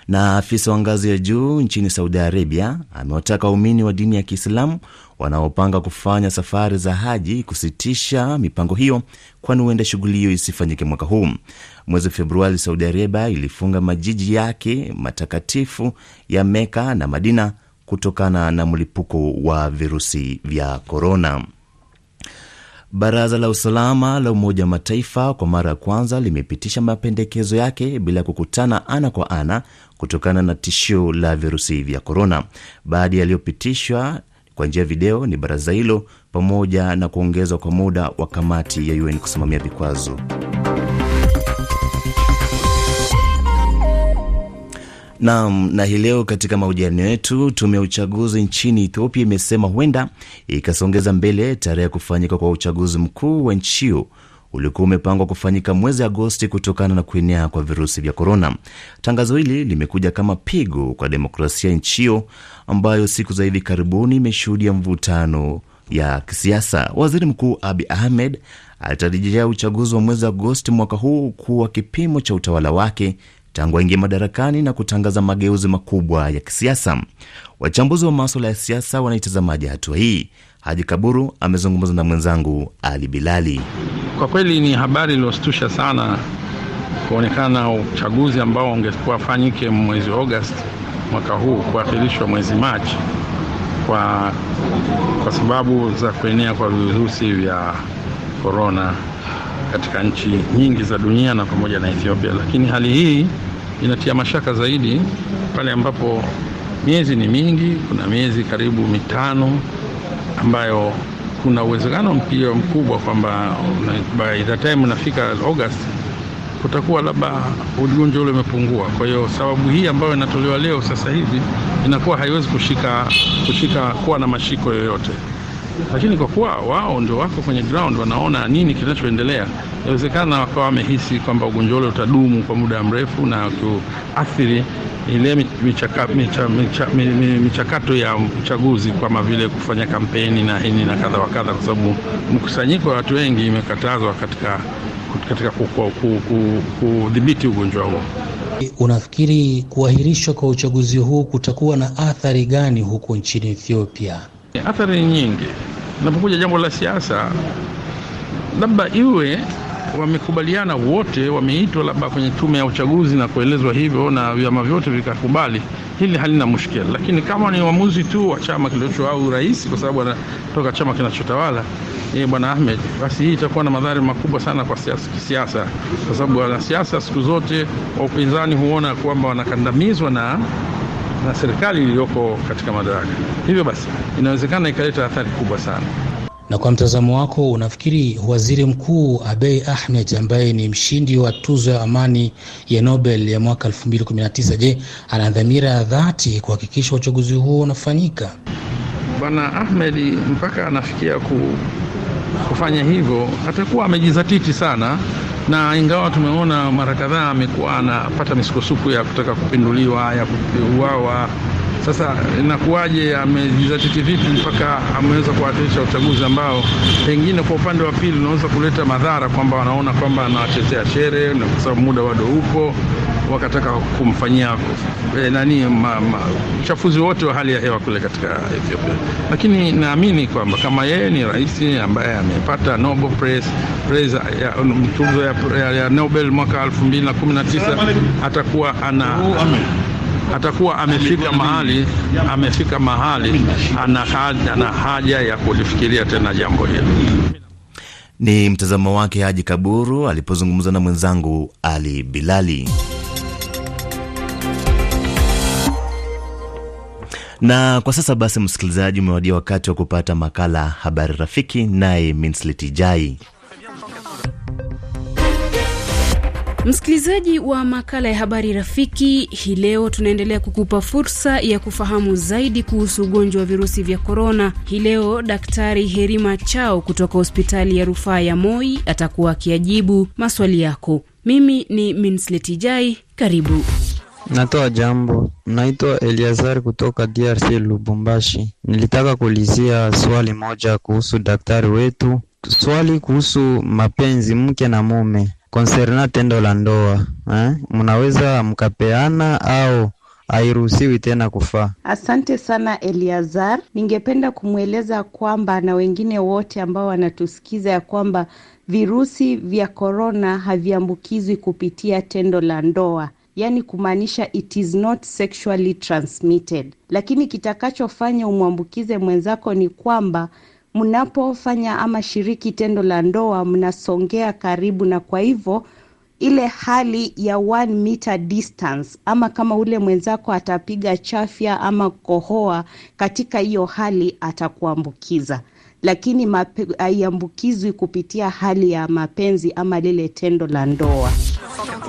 na afisa wa ngazi ya juu nchini Saudi Arabia amewataka waumini wa dini ya Kiislamu wanaopanga kufanya safari za haji kusitisha mipango hiyo, kwani huenda shughuli hiyo isifanyike mwaka huu. Mwezi Februari, Saudi Arabia ilifunga majiji yake matakatifu ya Meka na Madina kutokana na mlipuko wa virusi vya korona. Baraza la usalama la Umoja wa Mataifa kwa mara ya kwanza limepitisha mapendekezo yake bila kukutana ana kwa ana kutokana na tishio la virusi vya korona. Baadhi yaliyopitishwa kwa njia ya video ni baraza hilo, pamoja na kuongezwa kwa muda wa kamati ya UN kusimamia vikwazo. Naam, na hii leo katika mahojiano yetu, tume ya uchaguzi nchini Ethiopia imesema huenda ikasongeza mbele tarehe ya kufanyika kwa uchaguzi mkuu wa nchi hiyo ulikuwa umepangwa kufanyika mwezi Agosti kutokana na kuenea kwa virusi vya korona. Tangazo hili limekuja kama pigo kwa demokrasia nchi hiyo ambayo siku za hivi karibuni imeshuhudia mvutano ya kisiasa. Waziri Mkuu Abi Ahmed alitarajia uchaguzi wa mwezi Agosti mwaka huu kuwa kipimo cha utawala wake tangu aingia madarakani na kutangaza mageuzi makubwa ya kisiasa. Wachambuzi wa maswala ya siasa wanaitazamaji hatua hii? Haji Kaburu amezungumza na mwenzangu Ali Bilali. Kwa kweli ni habari iliyostusha sana kuonekana uchaguzi ambao ungekuwa afanyike mwezi Agosti mwaka huu kuahirishwa mwezi Machi kwa, kwa sababu za kuenea kwa virusi vya korona katika nchi nyingi za dunia na pamoja na Ethiopia. Lakini hali hii inatia mashaka zaidi pale ambapo miezi ni mingi, kuna miezi karibu mitano ambayo kuna uwezekano mpio mkubwa kwamba by the time unafika August kutakuwa labda ugonjwa ule umepungua. Kwa hiyo sababu hii ambayo inatolewa leo sasa hivi inakuwa haiwezi kushika, kushika kuwa na mashiko yoyote, lakini kwa kuwa wao ndio wako kwenye ground, wanaona nini kinachoendelea, inawezekana wakawa wamehisi kwamba ugonjwa ule utadumu kwa muda mrefu na kuathiri ile michakato micha, micha, micha, micha ya uchaguzi kama vile kufanya kampeni na hini na kadha wa kadha, kwa sababu mkusanyiko wa watu wengi imekatazwa katika, katika kudhibiti ugonjwa huo. Unafikiri kuahirishwa kwa uchaguzi huu kutakuwa na athari gani huko nchini Ethiopia? Athari nyingi. inapokuja jambo la siasa, labda iwe wamekubaliana wote, wameitwa labda kwenye tume ya uchaguzi na kuelezwa hivyo na vyama vyote vikakubali, hili halina mushkila. Lakini kama ni uamuzi tu wa chama kilicho au rais, kwa sababu anatoka chama kinachotawala yeye eh, Bwana Ahmed, basi hii itakuwa na madhara makubwa sana kwa siasa, kwa sababu wanasiasa siku zote wa upinzani huona kwamba wanakandamizwa na na serikali iliyoko katika madaraka. Hivyo basi inawezekana ikaleta athari kubwa sana. Na kwa mtazamo wako, unafikiri waziri mkuu Abiy Ahmed ambaye ni mshindi wa tuzo ya amani ya Nobel ya mwaka 2019, je, ana dhamira ya dhati kuhakikisha uchaguzi huo unafanyika? Bwana Ahmed mpaka anafikia ku, kufanya hivyo atakuwa amejizatiti sana, na ingawa tumeona mara kadhaa amekuwa anapata misukosuko ya kutaka kupinduliwa, ya kuuawa sasa inakuwaje amejizatiti vipi mpaka ameweza kuathirisha uchaguzi ambao pengine kwa upande wa pili unaweza kuleta madhara, kwamba wanaona kwamba anawachezea shere, na kwa sababu muda bado upo, wakataka kumfanyia e, nani uchafuzi wote wa hali ya hewa kule katika Ethiopia. Lakini naamini kwamba kama yeye ni rais ambaye amepata Nobel Prize, Prize ya, tuzo ya, ya, ya Nobel mwaka 2019 atakuwa ana atakuwa amefika mahali amefika mahali ana haja, ana haja ya kulifikiria tena jambo hilo. Ni mtazamo wake Haji Kaburu alipozungumza na mwenzangu Ali Bilali. Na kwa sasa basi, msikilizaji, umewadia wakati wa kupata makala Habari Rafiki, naye Minslet Jai. Msikilizaji wa makala ya habari rafiki, hii leo tunaendelea kukupa fursa ya kufahamu zaidi kuhusu ugonjwa wa virusi vya korona. Hii leo Daktari Herima Chao kutoka hospitali ya rufaa ya Moi atakuwa akiajibu maswali yako. Mimi ni Minsleti Jai, karibu. Natoa jambo, naitwa Eliazar kutoka DRC Lubumbashi. Nilitaka kuulizia swali moja kuhusu daktari wetu, swali kuhusu mapenzi mke na mume Konserna tendo la ndoa eh, mnaweza mkapeana au hairuhusiwi tena kufaa. Asante sana Eliazar, ningependa kumweleza kwamba na wengine wote ambao wanatusikiza ya kwamba virusi vya korona haviambukizwi kupitia tendo la ndoa, yaani kumaanisha it is not sexually transmitted, lakini kitakachofanya umwambukize mwenzako ni kwamba mnapofanya ama shiriki tendo la ndoa mnasongea karibu, na kwa hivyo ile hali ya one meter distance ama kama ule mwenzako atapiga chafya ama kohoa, katika hiyo hali atakuambukiza, lakini haiambukizwi kupitia hali ya mapenzi ama lile tendo la ndoa.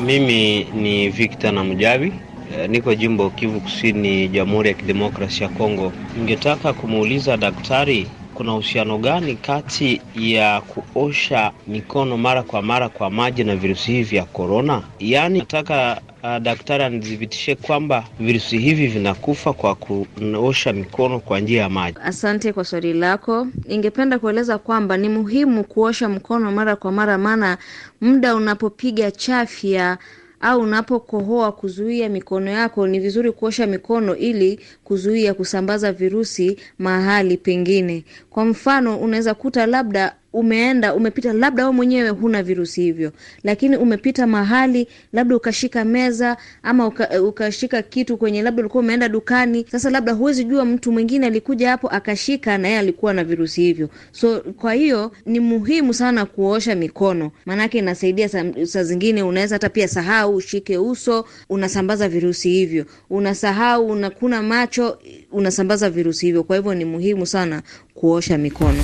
Mimi ni Victor na Mjavi, eh, niko jimbo Kivu Kusini, Jamhuri ya kidemokrasi ya congo Ningetaka kumuuliza daktari kuna uhusiano gani kati ya kuosha mikono mara kwa mara kwa maji na virusi hivi vya korona? Yaani nataka uh, daktari anithibitishe kwamba virusi hivi vinakufa kwa kuosha mikono kwa njia ya maji. Asante kwa swali lako. Ningependa kueleza kwamba ni muhimu kuosha mkono mara kwa mara, maana muda unapopiga chafya au unapokohoa kuzuia mikono yako, ni vizuri kuosha mikono ili kuzuia kusambaza virusi mahali pengine. Kwa mfano, unaweza kuta labda umeenda umepita, labda wewe mwenyewe huna virusi hivyo, lakini umepita mahali, labda ukashika meza ama uka, ukashika kitu kwenye, labda ulikuwa umeenda dukani. Sasa labda huwezi jua mtu mwingine alikuja hapo akashika, na yeye alikuwa na virusi hivyo. So kwa hiyo ni muhimu sana kuosha mikono, maanake inasaidia. Saa sa zingine unaweza hata pia sahau ushike uso, unasambaza virusi hivyo, unasahau unakuna macho, unasambaza virusi hivyo. Kwa hivyo ni muhimu sana kuosha mikono.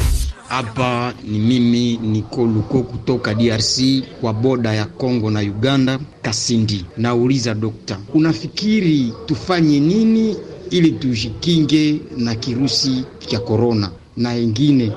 Hapa ni mimi niko Luko kutoka DRC kwa boda ya Kongo na Uganda, Kasindi. Nauliza dokta, unafikiri tufanye nini ili tujikinge na kirusi cha korona? Na ingine,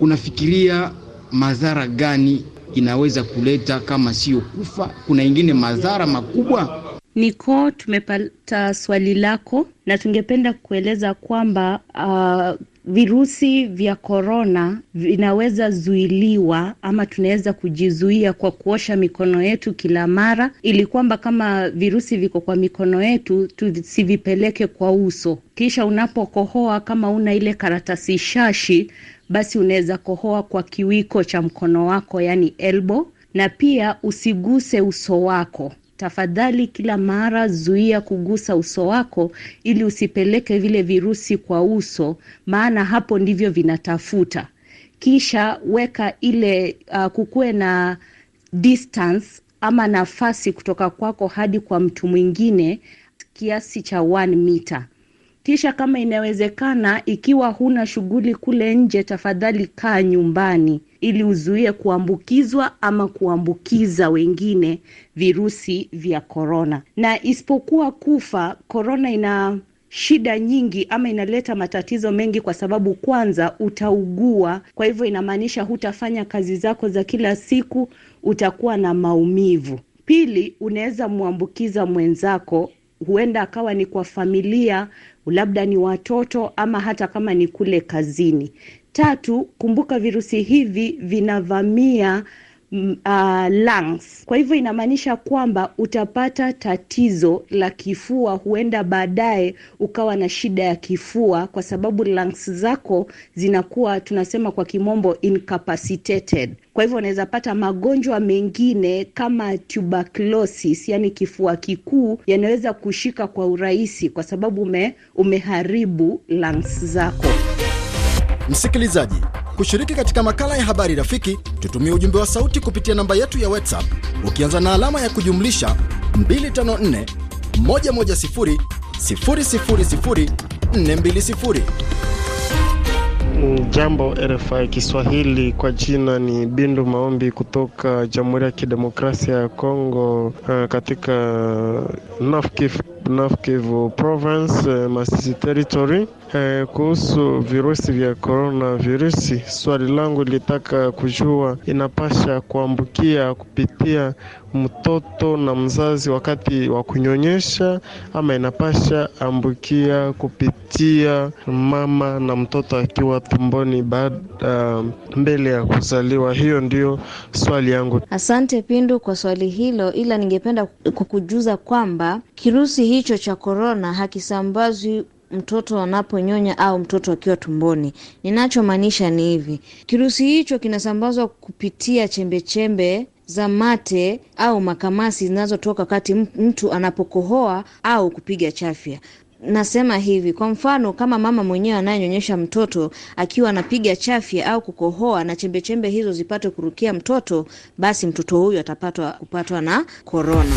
unafikiria madhara gani inaweza kuleta kama siyo kufa? Kuna ingine madhara makubwa? Niko, tumepata swali lako na tungependa kueleza kwamba uh, virusi vya korona vinaweza zuiliwa ama tunaweza kujizuia kwa kuosha mikono yetu kila mara, ili kwamba kama virusi viko kwa mikono yetu tusivipeleke kwa uso. Kisha unapokohoa, kama una ile karatasi shashi, basi unaweza kohoa kwa kiwiko cha mkono wako, yaani elbo na pia usiguse uso wako. Tafadhali kila mara zuia kugusa uso wako ili usipeleke vile virusi kwa uso, maana hapo ndivyo vinatafuta. Kisha weka ile uh, ah, kukuwe na distance ama nafasi kutoka kwako hadi kwa mtu mwingine kiasi cha 1 mita. Kisha kama inawezekana, ikiwa huna shughuli kule nje, tafadhali kaa nyumbani ili uzuie kuambukizwa ama kuambukiza wengine virusi vya korona. Na isipokuwa kufa, korona ina shida nyingi ama inaleta matatizo mengi, kwa sababu kwanza utaugua, kwa hivyo inamaanisha hutafanya kazi zako za kila siku, utakuwa na maumivu. Pili, unaweza mwambukiza mwenzako, huenda akawa ni kwa familia, labda ni watoto ama hata kama ni kule kazini. Tatu, kumbuka virusi hivi vinavamia mm, Uh, lungs. Kwa hivyo inamaanisha kwamba utapata tatizo la kifua, huenda baadaye ukawa na shida ya kifua kwa sababu lungs zako zinakuwa, tunasema kwa kimombo, incapacitated. Kwa hivyo unaweza pata magonjwa mengine kama tuberculosis, yani kifua kikuu, yanaweza kushika kwa urahisi kwa sababu ume, umeharibu lungs zako. Msikilizaji, kushiriki katika makala ya habari rafiki, tutumie ujumbe wa sauti kupitia namba yetu ya WhatsApp ukianza na alama ya kujumlisha 254 110 000 420. Jambo RFI Kiswahili, kwa jina ni Bindu Maombi kutoka Jamhuri ya Kidemokrasia ya Kongo, eh, katika nafkif North Kivu province, eh, Masisi territory. Eh, kuhusu virusi vya corona virusi, swali langu lilitaka kujua inapasha kuambukia kupitia mtoto na mzazi wakati wa kunyonyesha ama inapasha ambukia kupitia mama na mtoto akiwa tumboni baada uh, mbele ya kuzaliwa? Hiyo ndio swali yangu. Asante Pindu kwa swali hilo, ila ningependa kukujuza kwamba kirusi hicho cha korona hakisambazwi mtoto anaponyonya au mtoto akiwa tumboni. Ninachomaanisha ni hivi, kirusi hicho kinasambazwa kupitia chembechembe -chembe za mate au makamasi zinazotoka wakati mtu anapokohoa au kupiga chafya. Nasema hivi kwa mfano, kama mama mwenyewe anayenyonyesha mtoto akiwa anapiga chafya au kukohoa na chembechembe hizo zipate kurukia mtoto, basi mtoto huyu atapatwa kupatwa na korona.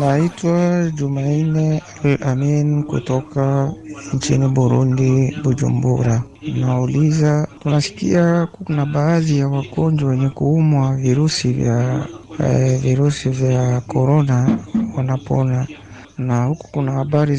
Naitwa Jumaine Amin kutoka nchini Burundi, Bujumbura. Nauliza, tunasikia kuna baadhi ya wagonjwa wenye kuumwa virusi vya eh, virusi vya korona wanapona na huku kuna habari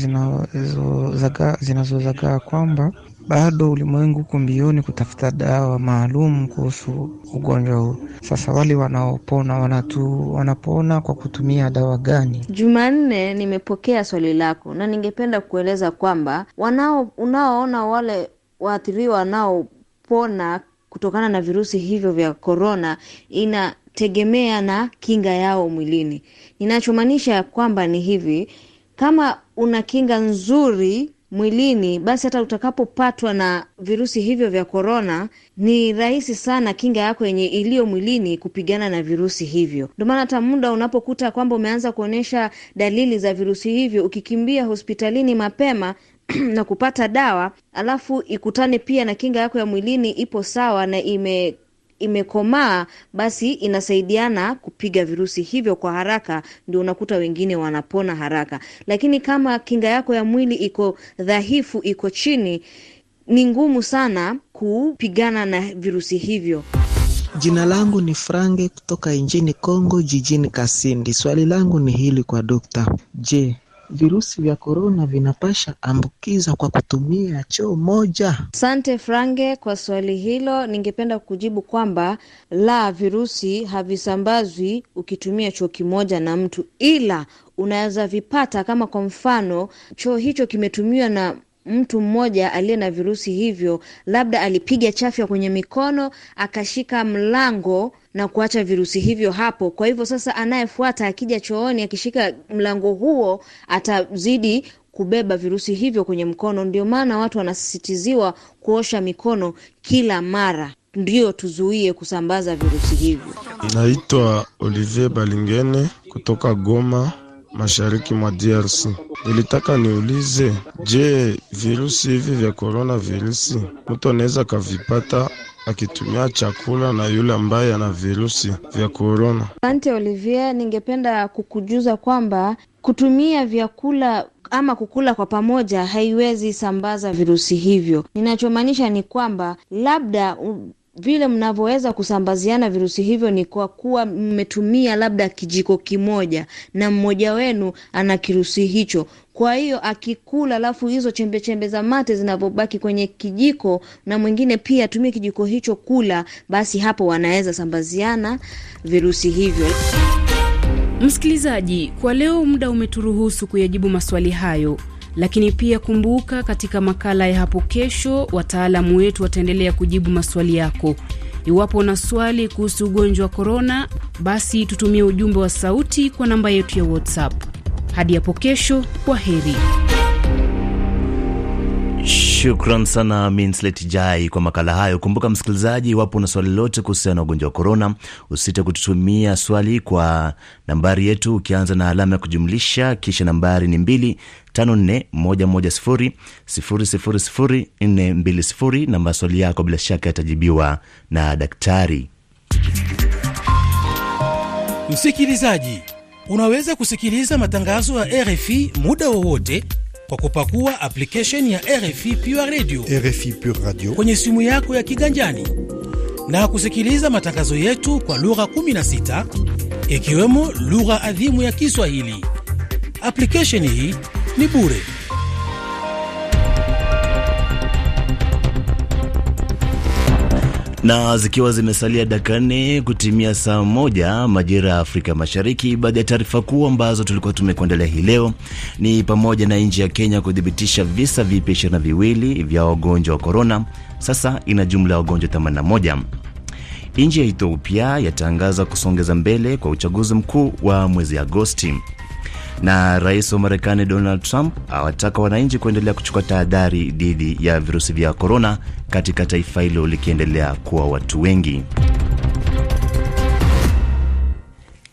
zinazozagaa kwamba bado ulimwengu huko mbioni kutafuta dawa maalum kuhusu ugonjwa huu. Sasa wale wanaopona wanatu, wanapona kwa kutumia dawa gani? Jumanne, nimepokea swali lako na ningependa kueleza kwamba wanao unaoona wale waathiriwa wanaopona kutokana na virusi hivyo vya korona ina kutegemea na kinga yao mwilini. Ninachomaanisha kwamba ni hivi, kama una kinga nzuri mwilini, basi hata utakapopatwa na virusi hivyo vya korona, ni rahisi sana kinga yako yenye iliyo mwilini kupigana na virusi hivyo. Ndio maana hata muda unapokuta kwamba umeanza kuonyesha dalili za virusi hivyo, ukikimbia hospitalini mapema na kupata dawa, alafu ikutane pia na kinga yako ya mwilini ipo sawa na ime imekomaa basi inasaidiana kupiga virusi hivyo kwa haraka, ndio unakuta wengine wanapona haraka. Lakini kama kinga yako ya mwili iko dhaifu, iko chini, ni ngumu sana kupigana na virusi hivyo. Jina langu ni Frange kutoka nchini Kongo, jijini Kasindi. Swali langu ni hili kwa dokta: je, virusi vya korona vinapasha ambukiza kwa kutumia choo moja? Asante Frange kwa swali hilo. Ningependa kujibu kwamba la, virusi havisambazwi ukitumia choo kimoja na mtu, ila unaweza vipata kama kwa mfano choo hicho kimetumiwa na mtu mmoja aliye na virusi hivyo labda alipiga chafya kwenye mikono akashika mlango na kuacha virusi hivyo hapo. Kwa hivyo sasa, anayefuata akija chooni akishika mlango huo atazidi kubeba virusi hivyo kwenye mkono. Ndio maana watu wanasisitiziwa kuosha mikono kila mara, ndio tuzuie kusambaza virusi hivyo. Naitwa Olivier Balingene kutoka Goma mashariki mwa DRC. Nilitaka niulize, je, virusi hivi vya korona virusi mtu anaweza akavipata akitumia chakula na yule ambaye ana virusi vya korona? Asante Olivier, ningependa kukujuza kwamba kutumia vyakula ama kukula kwa pamoja haiwezi sambaza virusi hivyo. Ninachomaanisha ni kwamba labda vile mnavyoweza kusambaziana virusi hivyo ni kwa kuwa mmetumia labda kijiko kimoja na mmoja wenu ana kirusi hicho. Kwa hiyo akikula, alafu hizo chembe chembe za mate zinavyobaki kwenye kijiko na mwingine pia atumie kijiko hicho kula, basi hapo wanaweza sambaziana virusi hivyo. Msikilizaji, kwa leo muda umeturuhusu kuyajibu maswali hayo. Lakini pia kumbuka, katika makala ya hapo kesho, wataalamu wetu wataendelea kujibu maswali yako. Iwapo una swali kuhusu ugonjwa wa korona, basi tutumie ujumbe wa sauti kwa namba yetu ya WhatsApp. Hadi hapo kesho, kwa heri. Shukran sana Minslet Jai kwa makala hayo. Kumbuka msikilizaji, iwapo una swali lolote kuhusiana na ugonjwa wa korona, usite kututumia swali kwa nambari yetu, ukianza na alama ya kujumlisha, kisha nambari ni mbili 541100000420 na maswali yako bila shaka yatajibiwa na daktari. Msikilizaji, unaweza kusikiliza matangazo ya RFI muda wowote kwa kupakua application ya RFI Pure Radio, RFI Pure Radio kwenye simu yako ya kiganjani na kusikiliza matangazo yetu kwa lugha 16 ikiwemo lugha adhimu ya Kiswahili. Application hii ni bure. na zikiwa zimesalia dakika nne kutimia saa moja majira ya Afrika Mashariki, baadhi ya taarifa kuu ambazo tulikuwa tumekuandalia hii leo ni pamoja na nchi ya Kenya kuthibitisha visa vipya ishirini na viwili vya wagonjwa wa korona, sasa ina jumla ya wagonjwa 81. Nchi ya Ethiopia yatangaza kusongeza mbele kwa uchaguzi mkuu wa mwezi Agosti na rais wa Marekani Donald Trump awataka wananchi kuendelea kuchukua tahadhari dhidi ya virusi vya korona katika taifa hilo likiendelea kuwa watu wengi.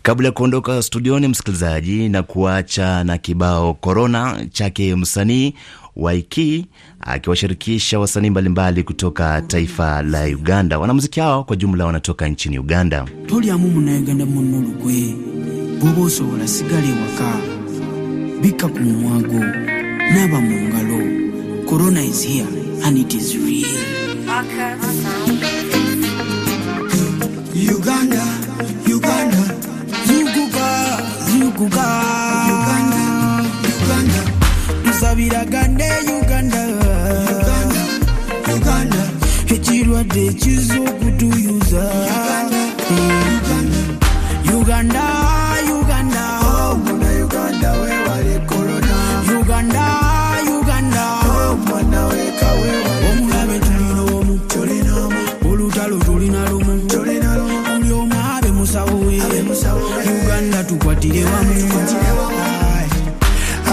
Kabla ya kuondoka studioni, msikilizaji, na kuacha na kibao korona chake msanii Waiki akiwashirikisha wasanii mbalimbali kutoka taifa la Uganda. Wanamuziki hao kwa jumla wanatoka nchini Uganda. tolyamu munagenda munno lukwe bwoba osobola bika ku muwago naaba mu ngalo corona is here and it is real uganda uganda zuguka zuguka uganda uganda tusabiragane uganda uganda uganda ekirwadde kizuukutuyuza uganda uganda, uganda. uganda.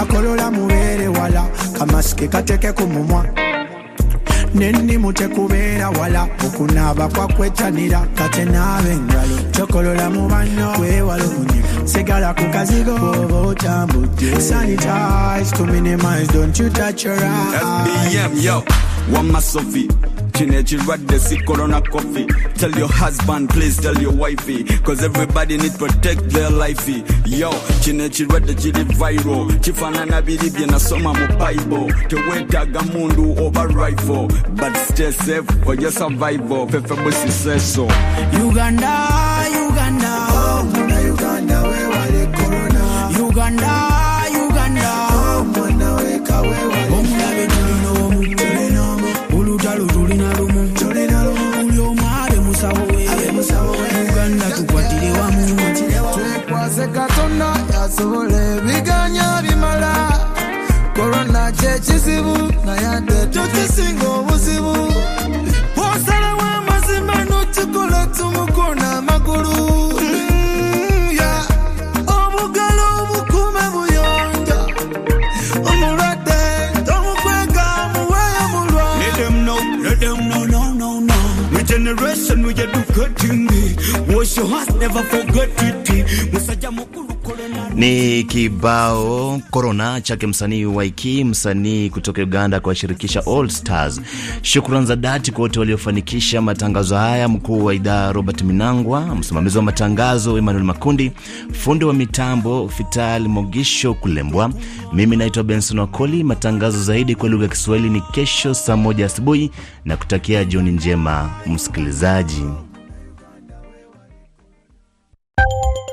akolola mubere wala kamasike kateke ku mumwa nenimu tekubeera wala okunaaba kwakwetanira kate naaba engalo kyokolola mu banno kwewala okunyika sigala ku kazigo oba otambujje Teenage see? corona coffee. Tell your husband, please tell your wifey. Cause everybody need protect their lifey. Yo, teenage radiasi viral. Chifanana bilibye nasoma mu Bible. Tewetaga mundu over rifle. But stay safe for your survival. Fefe busi seso. Uganda, Uganda. Oh, Uganda, Uganda. singa obuzibu bw'osalawo amazima n'okikola tumukoona amagulu mm, obugalo obukume buyonja omulwadde tomukweka muweeyo mulwa Generation, we are do good to me. Wash your heart, never forget it. Ni kibao Corona chake msanii Waiki, msanii kutoka Uganda, kuwashirikisha All Stars. shukran za dhati kwa wote waliofanikisha matangazo haya, mkuu wa idhaa Robert Minangwa, msimamizi wa matangazo Emmanuel Makundi, fundi wa mitambo Fital Mogisho Kulembwa. Mimi naitwa Benson Wakoli. Matangazo zaidi kwa lugha ya Kiswahili ni kesho saa moja asubuhi, na kutakia jioni njema msikilizaji.